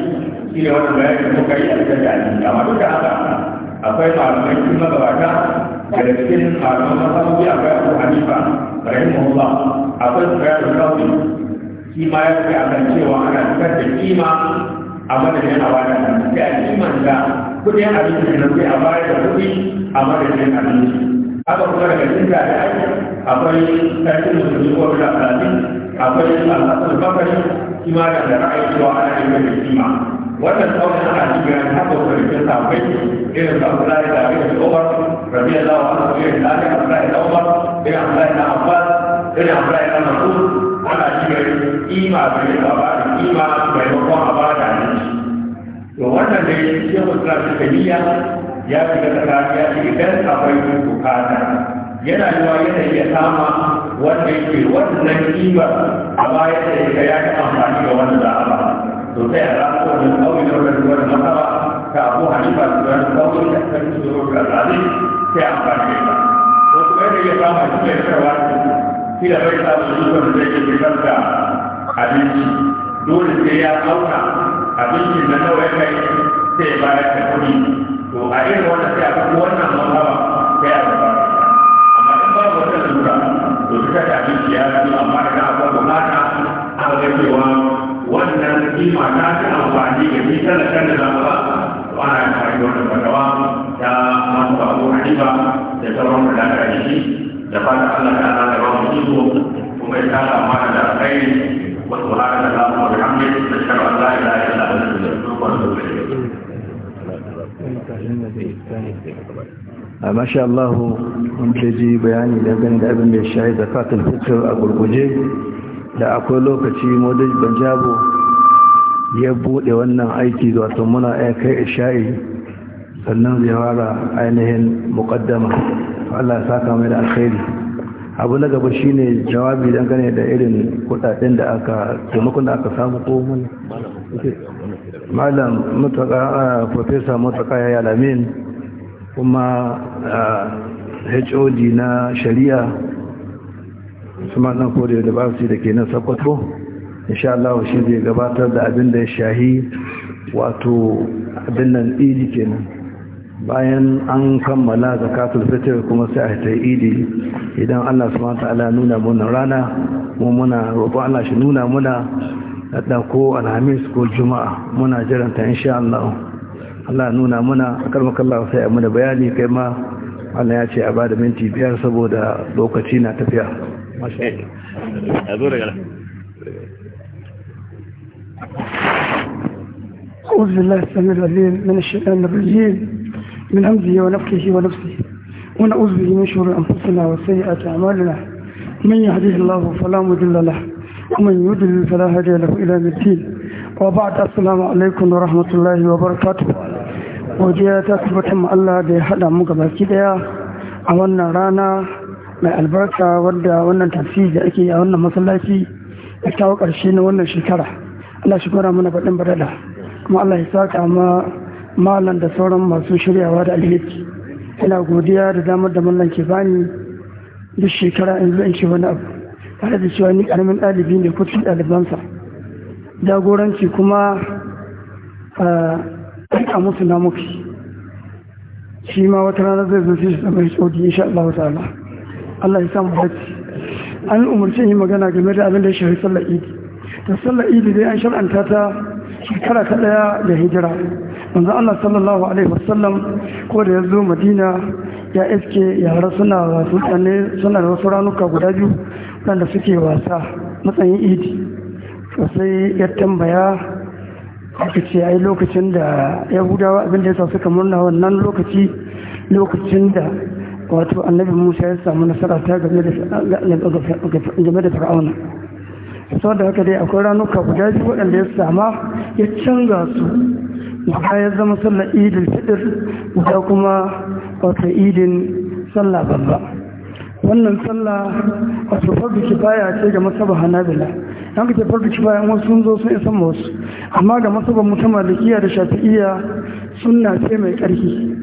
B: shi ne wannan bayanin da muka yi a fitar da abinci amma duk da haka akwai malamai sun magabata daga cikin malamai masarufi akwai abu hanifa rahimahullah akwai tsayar da shi ma ya fi akan cewa ana fitar da kima a madadin yana wani da kiman da kudin abinci da kai a bayar da kudi a madadin abinci haka kuma daga cikin da ake akwai sarkin musulmi ko da alaƙi akwai alhassan bakari kima da da ra'ayi cewa ana yin mai kima wannan tsawon ana cikin haka sarkin sabai irin da abdullahi da abin da umar rabi allah wa ala yin da ali abdullahi da umar irin abdullahi da abbas irin abdullahi da mas'ud ana cikin kima da kima maimakon a bada abinci to wannan da ya ce mutum da kaniya ya shiga tsakani ya ce idan akwai bukata yana yiwa yana iya kama wanda yake wannan kiba a baya da ya ya ga amfani ga wanda za a to sai a rafi wannan kauye da wannan ruwan masara ta abu hanifa da wannan kauye da kan su zuwa ka zaɓe sai amfani da
D: ita wasu kai da ya kama shi mai karwa shi da
B: bai samun zuwa da zai ke fitar da abinci dole sai ya kauta abincin na nawa ya kai sai ba ta kai kuɗi to a irin wannan sai a kuma wannan mazhaba ta. a gaba amma in ba wata lura to duka da abinci ya fi amma da na abuwa bukata ga cewa wannan kima ta fi amfani ga shi talakan da zama ba to ana amfani da wannan fatawa ta masu abu hanifa da sauran da da shi da fata Allah ta ta. da ba mu kuma ya tara mana da alkhairi وسبحانك اللهم وبحمدك نشهد ان لا اله الا انت نستغفرك ونتوب اليك
C: masha Allah ke ji bayani dangane da abin da ya shahi zakatul fitr a gurguje da akwai lokaci modaj banjabo ya bude wannan aiki zuwa tun muna ya kai isha'i sannan zai fara ainihin muqaddama Allah ya saka mai da alkhairi abu na gaba shine jawabi dangane da irin kudaden da aka taimakon da aka samu ko mun malam mutaka professor mutaka ya alamin kuma HOD na shari'a ma nan kodin da ba su da ke nan sakwato insha Allah shi zai gabatar da abin da ya shahi wato abin nan idi kenan bayan an kammala zakatul fitr kuma sai a ta idi idan Allah subhanahu ta'ala nuna mana rana mu muna roƙo Allah shi nuna muna da ko alhamis ko juma'a muna jiran ta insha Allah Allah nuna muna Allah sai mu da bayani kai ma Allah ya ce a bada minti biyar saboda lokaci na tafiya
B: masha Allah
E: أعوذ بالله السميع العليم من الشيطان الرجيم من همزه ونفخه ونفسه ونعوذ به من شرور أنفسنا وسيئات أعمالنا من يهديه الله فلا مضل له ومن يضلل فلا هادي له إلى الدين وبعد السلام عليكم ورحمة الله وبركاته waje ta tabbatar mu Allah da ya haɗa mu gabaki daya a wannan rana mai albarka wadda wannan tafsiri da ake a wannan masallaci ya kawo ƙarshe na wannan shekara Allah shi gwara mana baɗin barada kuma Allah ya saka ma malam da sauran masu shiryawa da alheri ina godiya da damar da mallan ke bani duk shekara in zo in ce wani abu tare da cewa ni karamin ɗalibi ne ko cikin ɗalibansa jagoranci kuma a musu na muki shi ma wata rana zai zo shi zama saudi insha Allah ta'ala Allah ya samu bacci an umarci yin magana game da abin da ya shafi sallar idi Da sallar idi dai an shar'anta ta shekara ta ɗaya da hijira manzo Allah sallallahu alaihi wasallam ko da ya zo Madina ya iske yara suna wasu tsanne suna da wasu ranuka guda biyu wanda suke wasa matsayin idi sosai ya tambaya aka ce ai lokacin da yahudawa abinda ya sa suka murna wannan lokaci lokacin da wato annabi musa ya samu nasara ta game da fir'auna saboda haka dai akwai ranuka guda biyu waɗanda ya sama ya canza su ba ya zama sallar idin fidir da kuma wata idin sallah babba wannan sallah a tsofar da baya ce ga masaba hanabila don ka tufar da bayan wasu sun zo sun isa wasu amma ga masaba mutum malikiya da shafi'iya sunna ce mai karfi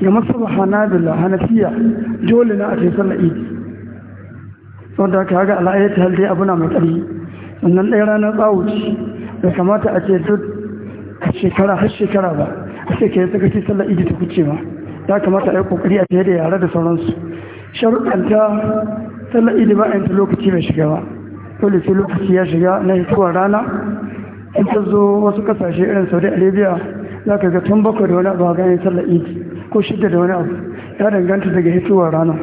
E: ga masaba hanabila hanafiya dole na a ce sallar idi Wanda ka ga al'ayyar ta halde na mai karfi sannan ɗaya ranar tsawuci da kamata a ce duk shekara har shekara ba a shekara ya tsakashi sallar idi ta kuce ba ya kamata a yi kokari a fiye da yare da sauransu sharuɗanta sallar idi ba a lokaci mai shiga ba dole sai lokaci ya shiga na hitowar rana in ta zo wasu kasashe irin saudi arabia za ka ga tun bakwai da wani abu a ganin sallar idi ko shida da wani abu ya danganta daga hitowar rana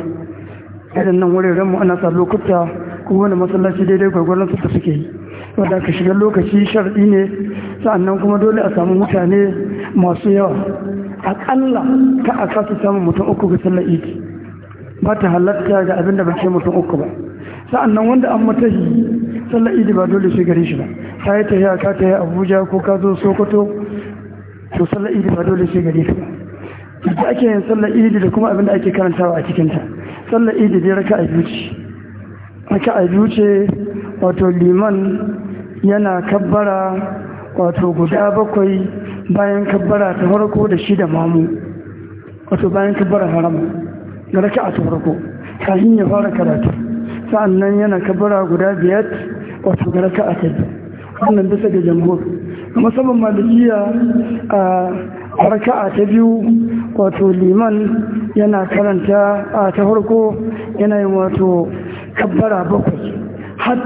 E: irin nan wuraren mu ana sa lokuta ko wani masallaci daidai gwagwarnan su suke yi wadda ka shiga lokaci sharɗi ne sa'annan kuma dole a samu mutane masu yawa aƙalla ta a kasu samun mutum uku ga sallar idi ba ta halatta ga abin da ba mutum uku ba sa'annan wanda an matahi sallar idi ba dole sai gare shi ba ta yi tahiya ka ta yi abuja ko ka zo sokoto to sallar idi ba dole sai gare shi ba da ake yin sallar idi da kuma abin da ake karantawa a cikinta sallar idi dai raka a biyu ce raka a biyu ce wato liman yana kabbara wato guda bakwai bayan kabbara ta farko da shi da mamu wato bayan kabbara haram da raka a ta farko kafin ya fara karatu sa'annan yana kabbara guda biyar wato ga raka a ta wannan bisa ga jamhur musamman malikiya a raka'a ta biyu wato liman yana karanta a ta farko yanayin wato kabbara bakwai har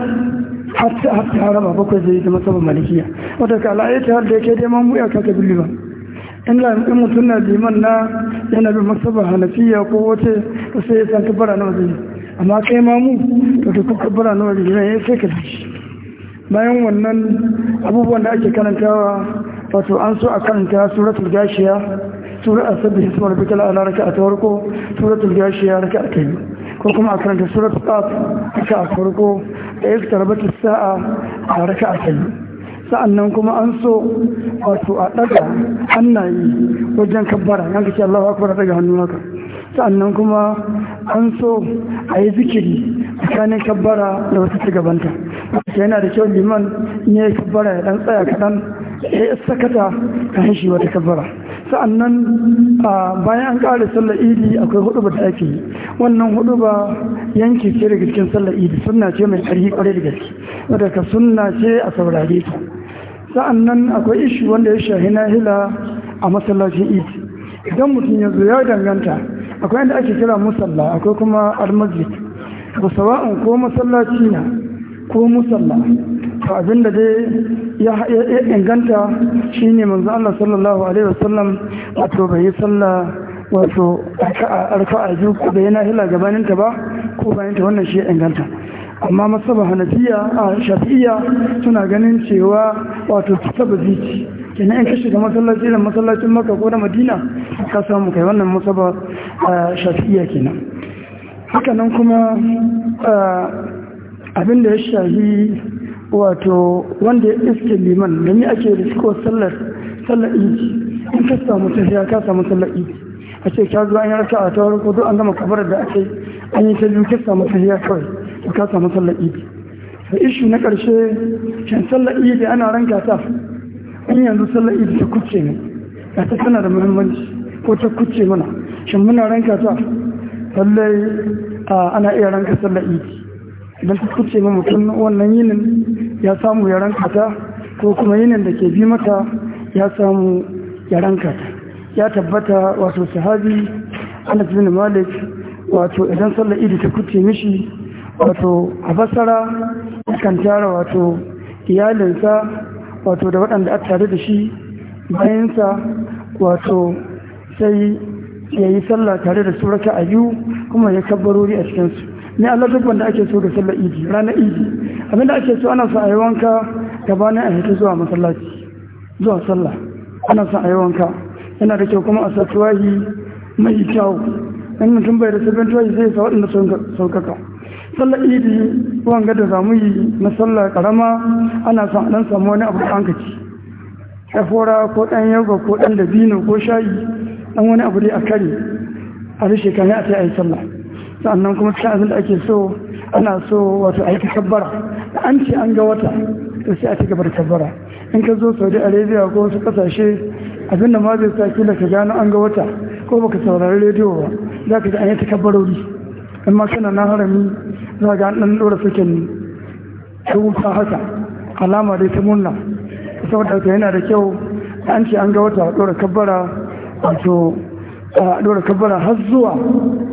E: hatta hatta bakwai zai zama sabon malikiya wata ka la'ayyata har da yake dai mamu buya ka in in mutum na liman na yana bin masaba hanafiya ko wace to sai ya san kabbara na wajen amma kai ma mu to ka kabbara na wajen ya sai ka tashi bayan wannan abubuwan da ake karantawa wato an so a karanta suratul gashiya suratul sabbi hismar bikala ala raka'a ta farko suratul gashiya ko kuma a karanta surat qaf raka a farko da ya tarbata sa'a a raka a sa'annan kuma an so wato a daga hannaye wajen kabbara yanka ce Allahu akbar daga hannu haka sa'annan kuma an so a yi zikiri tsakanin kabbara da wata ta gabanta yana da kyau liman ne kabbara ya dan tsaya kaɗan Eh, sakata ka hashi wata kabbara sa'annan bayan an ƙara sallar idi akwai hudu da ake yi wannan hudu ba yanki ce daga cikin sallar idi sunna ce mai ƙarfi ƙwarai da gaske wadda ka sunna ce a saurare ta sa'annan akwai ishi wanda ya shahi hila a masallacin idi idan mutum yanzu ya danganta akwai inda ake kira musalla akwai kuma almasjid ba sawa'un ko masallaci na ko musalla to da dai ya inganta shine manzo Allah sallallahu alaihi wasallam wato bai yi sallah wato a biyu ko bai hila gabaninta ba ko bayanta wannan shi ya inganta amma masaba hanafiya a shafiya suna ganin cewa wato saba zici kenan in ka shiga masallaci da masallacin maka ko da madina ka samu kai wannan masaba shafiya kenan haka nan kuma abin da ya shahi wato wanda ya iske liman da ni ake risko sallar sallar iji in ka samu tafiya ka samu sallar iji a ce ka zuwa an raka a tawar kudu an gama kabar da ake an yi ta biyu ka samu tafiya kawai to ka samu sallar iji da ishu na ƙarshe can sallar iji ana ranka ta in yanzu sallar iji ta kuce ne ya ta tana da muhimmanci ko ta kuce mana shin muna ranka ta sallai ana iya ranka sallar iji idan ta kuce ma mutum wannan yinin ya samu ya rankata ko kuma yinin da ke bi mata ya samu ya rankata ya tabbata wato sahabi anas bin malik wato idan sallar idi ta kuce mishi wato a basara kan tara wato iyalinsa wato da waɗanda a tare da shi bayansa wato sai ya yi sallah tare da su a biyu kuma ya kabbarori a cikinsu ne Allah duk wanda ake so ga sallar idi ranar idi abinda ake so ana sa a yi wanka gabanin a hita zuwa masallaci zuwa sallah ana sa a wanka yana da kyau kuma a sa tuwahi mai kyau in mutum bai da sabon tuwahi zai sa waɗanda saukaka sallar idi wanga da zamu yi na sallar karama ana sa a ɗan samu wani abu da an kaci ko ɗan yagwa ko ɗan dabino ko shayi ɗan wani abu dai a kare a rushe kan ya a a yi sallah sannan kuma cikin abin da ake so ana so wato a yi da an ce an ga wata to sai a ci gaba da kabbara in ka zo saudi arabia ko wasu kasashe abin da ma zai sa kila ka gano an ga wata ko baka saurari rediyo ba za ka ji an yi takabbarori amma kana na harami za ga an ɗan ɗora sakin ta haka alama dai ta murna saboda yana da kyau an ce an ga wata ɗora kabbara wato a ɗora kabbara har zuwa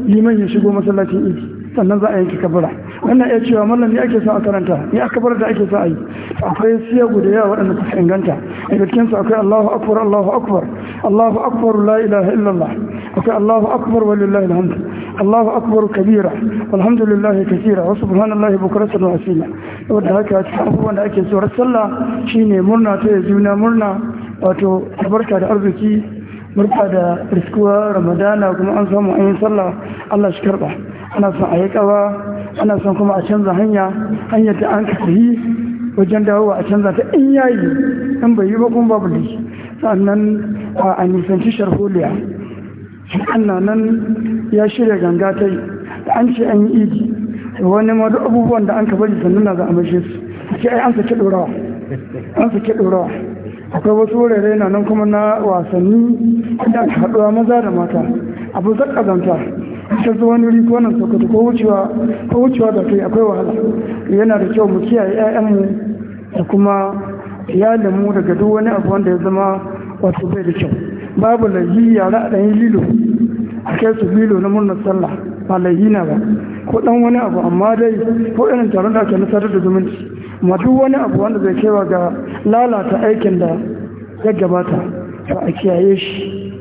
E: liman ya shigo masallacin idi sannan za a yanke kabbara wannan ya cewa mallam ne ake sa a karanta ne a kabbara da ake sa a yi akwai siya guda yawa waɗanda suka inganta a cikin su akwai Allahu akbar Allahu akbar Allahu akbar la ilaha illallah akwai Allahu akbar walillahi alhamdu Allahu akbar kabira walhamdulillahi kaseera wa subhanallahi bukratan wa asila wanda haka cikin abubuwan da ake so sallah shine murna ta juna murna wato albarka da arziki murfa da riskuwa ramadana kuma an samu an yi sallah allah shi karba ana son a yi kawa ana son kuma a canza hanya hanyar da an yi wajen dawowa a canza ta in yayi in bai yi ba kuma babu ne sannan a nisanci sharholiya ana nan ya shirya ganga ta yi da an ce an yi idi wani ma abubuwan da an ka bari sannan na za a mashe su ce ai an sake dorawa an sake dorawa akwai wasu wurare na nan kuma na wasanni da haɗuwa maza da mata abu zan ta zo wani wuri ko nan sokoto ko wucewa ko wucewa da kai akwai wahala yana da kyau mu kiyaye mu. da kuma iyalinmu daga duk wani abu wanda ya zama wato bai da kyau babu lahi yara a ɗanyi lilo a kai su lilo na murnar sallah ba lahi na ba ko ɗan wani abu amma dai ko irin taron da ake nasarar da zumunci madu wani abu wanda zai kewa ga lalata aikin da ya gabata ba a kiyaye shi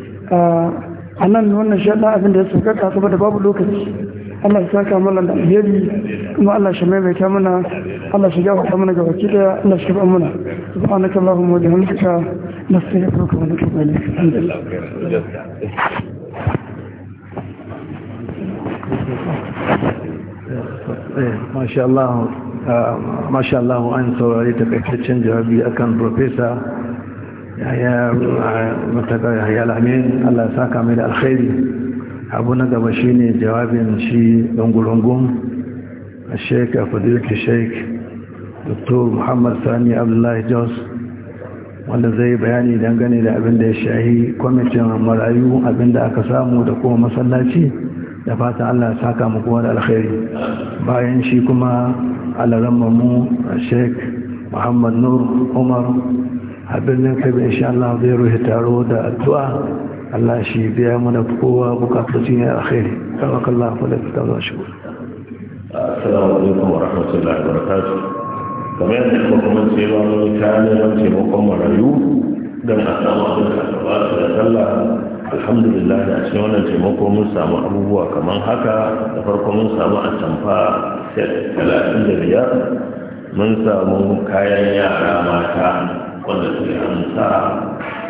E: a nan wannan shaɗa abin da ya sauka ka saboda babu lokaci Allah ya saka mana da alheri kuma Allah shi maimaita mana Allah shi ta mana ga baki daya Allah shi ba mana subhanaka allahumma wa bihamdika nastaghfiruka wa natubu ilayk alhamdulillah
C: ما شاء الله Uh, masha an saurari takaitaccen jawabi akan profesa yaya uh, matakar lamin Allah ya kame da alkhairi abu na gaba shi ne jawabin shi dangurungun a sheik a fadilki sheik dr muhammad sani abdullahi jos wanda zai bayani dangane da abin da ya shahi kwamitin marayu abin da aka samu da kuma masallaci da fatan Allah ya saka kowa da alkhairi bayan shi kuma mu a sheik muhammad nur umar a birnin kabi insha Allah zai ruhe taro da addu'a Allah shi biya mana kowa bukatocin ya alkhairi sabaka Allah fa da ta zo shi
B: assalamu alaikum wa rahmatullahi wa barakatuh kamar yadda kuma mun ce ba mun ta ne mun ce mun kuma rayu dan a samu da sallah alhamdulillah a cikin wannan taimako mun samu abubuwa kamar haka da farko mun samu a tamfa set talatin da biyar mun samu kayan yara mata wanda suke an sa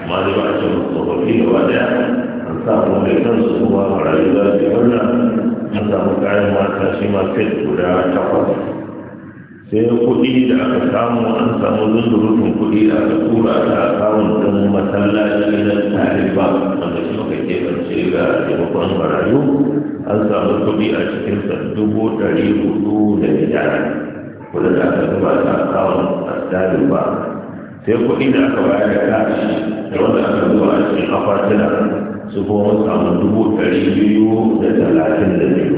B: ma ba a ce tsofaffi gaba daya an sa mu mai kan su kuma marayu za su yi an samu kayan mata shi ma set guda takwas sai kuɗi da aka samu an samu zundurutun kuɗi da aka tura da samun ɗin masallaci na tarifa wanda shi muka ke kance ga taimakon marayu an samu kuɗi a cikin sa dubu ɗari hudu da biyar kuɗin da aka zuba ta akawun asalin ba sai kuɗi da aka bayar da kashi da wanda aka zuba a cikin akwatuna su kuma samu dubu ɗari biyu da talatin da biyu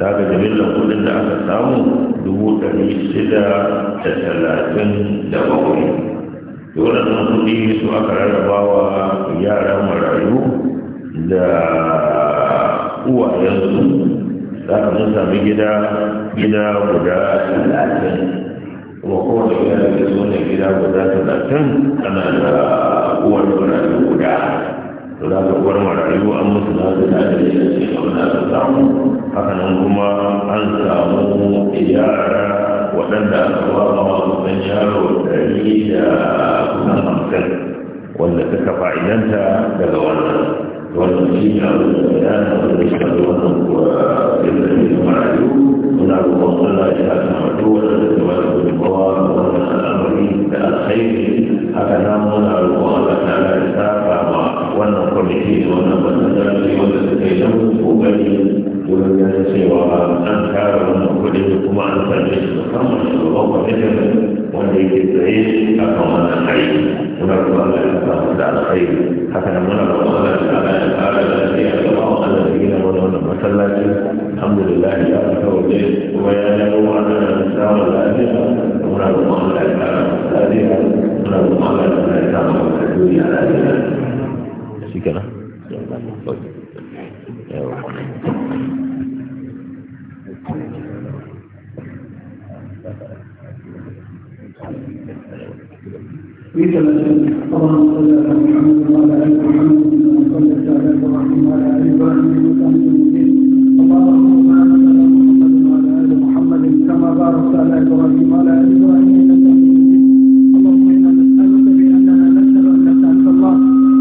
B: da aka jimillar kuɗin da aka samu dubu ɗari shida da talatin da bakwai waɗannan kuɗi su aka rarrabawa yaran marayu da uwayensu za ka mun sami gida gida guda talatin kuma kowane gida da ke so zuwa gida guda talatin ana da uwar marayu guda to za ka uwar marayu an musu na su da da ya ce a wani aka samu haka nan kuma an samu yara waɗanda aka ba ma wasan yaro ɗari da kusan hamsin wanda suka fa'idanta daga wannan wannan shi ne abin da ya tafi da shi da wannan kuwa yadda ne da marayu muna roƙon Allah ya haɗa mato wadanda da wata gudunmawa ga wannan al'amari da alkhairi haka nan muna roƙon Allah ta ala ya saka ma wannan kwamiti da wannan masallaci wanda suka yi ta kokari wurin ganin cewa an kara wannan kuɗi kuma an sanya shi musamman shugaban kwamitin wanda yake tsaye a kan wannan hari muna roƙon Allah ya sa mu da alkhairi haka nan muna roƙon Allah ya sa ya ƙara lafiya da ba mu Allah ya gina mana wannan masallaci alhamdulillah ya fita waje kuma ya dawo mana da samun lafiya muna roƙon Allah ya ƙara lafiya muna roƙon Allah ya sa mu da duniya lafiya shi kenan
A: بجلال طبعا على محمد وعلى ال محمد كما صليت على ابراهيم وعلى ال ابراهيم اللهم بارك وعلى ال ابراهيم وعلى ال ابراهيم اللهم انا نسالك باننا نشهد انك انت الله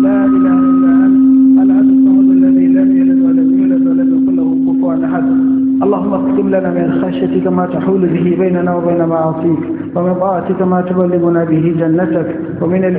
A: لا اله الا
C: انت الاحد الصمد الذي لم يلد ولم يولد ولم يكن له كفوا احد اللهم
E: اقسم لنا من خشيتك ما تحول به بيننا وبين معاصيك ومن طاعتك ما تبلغنا به جنتك ومن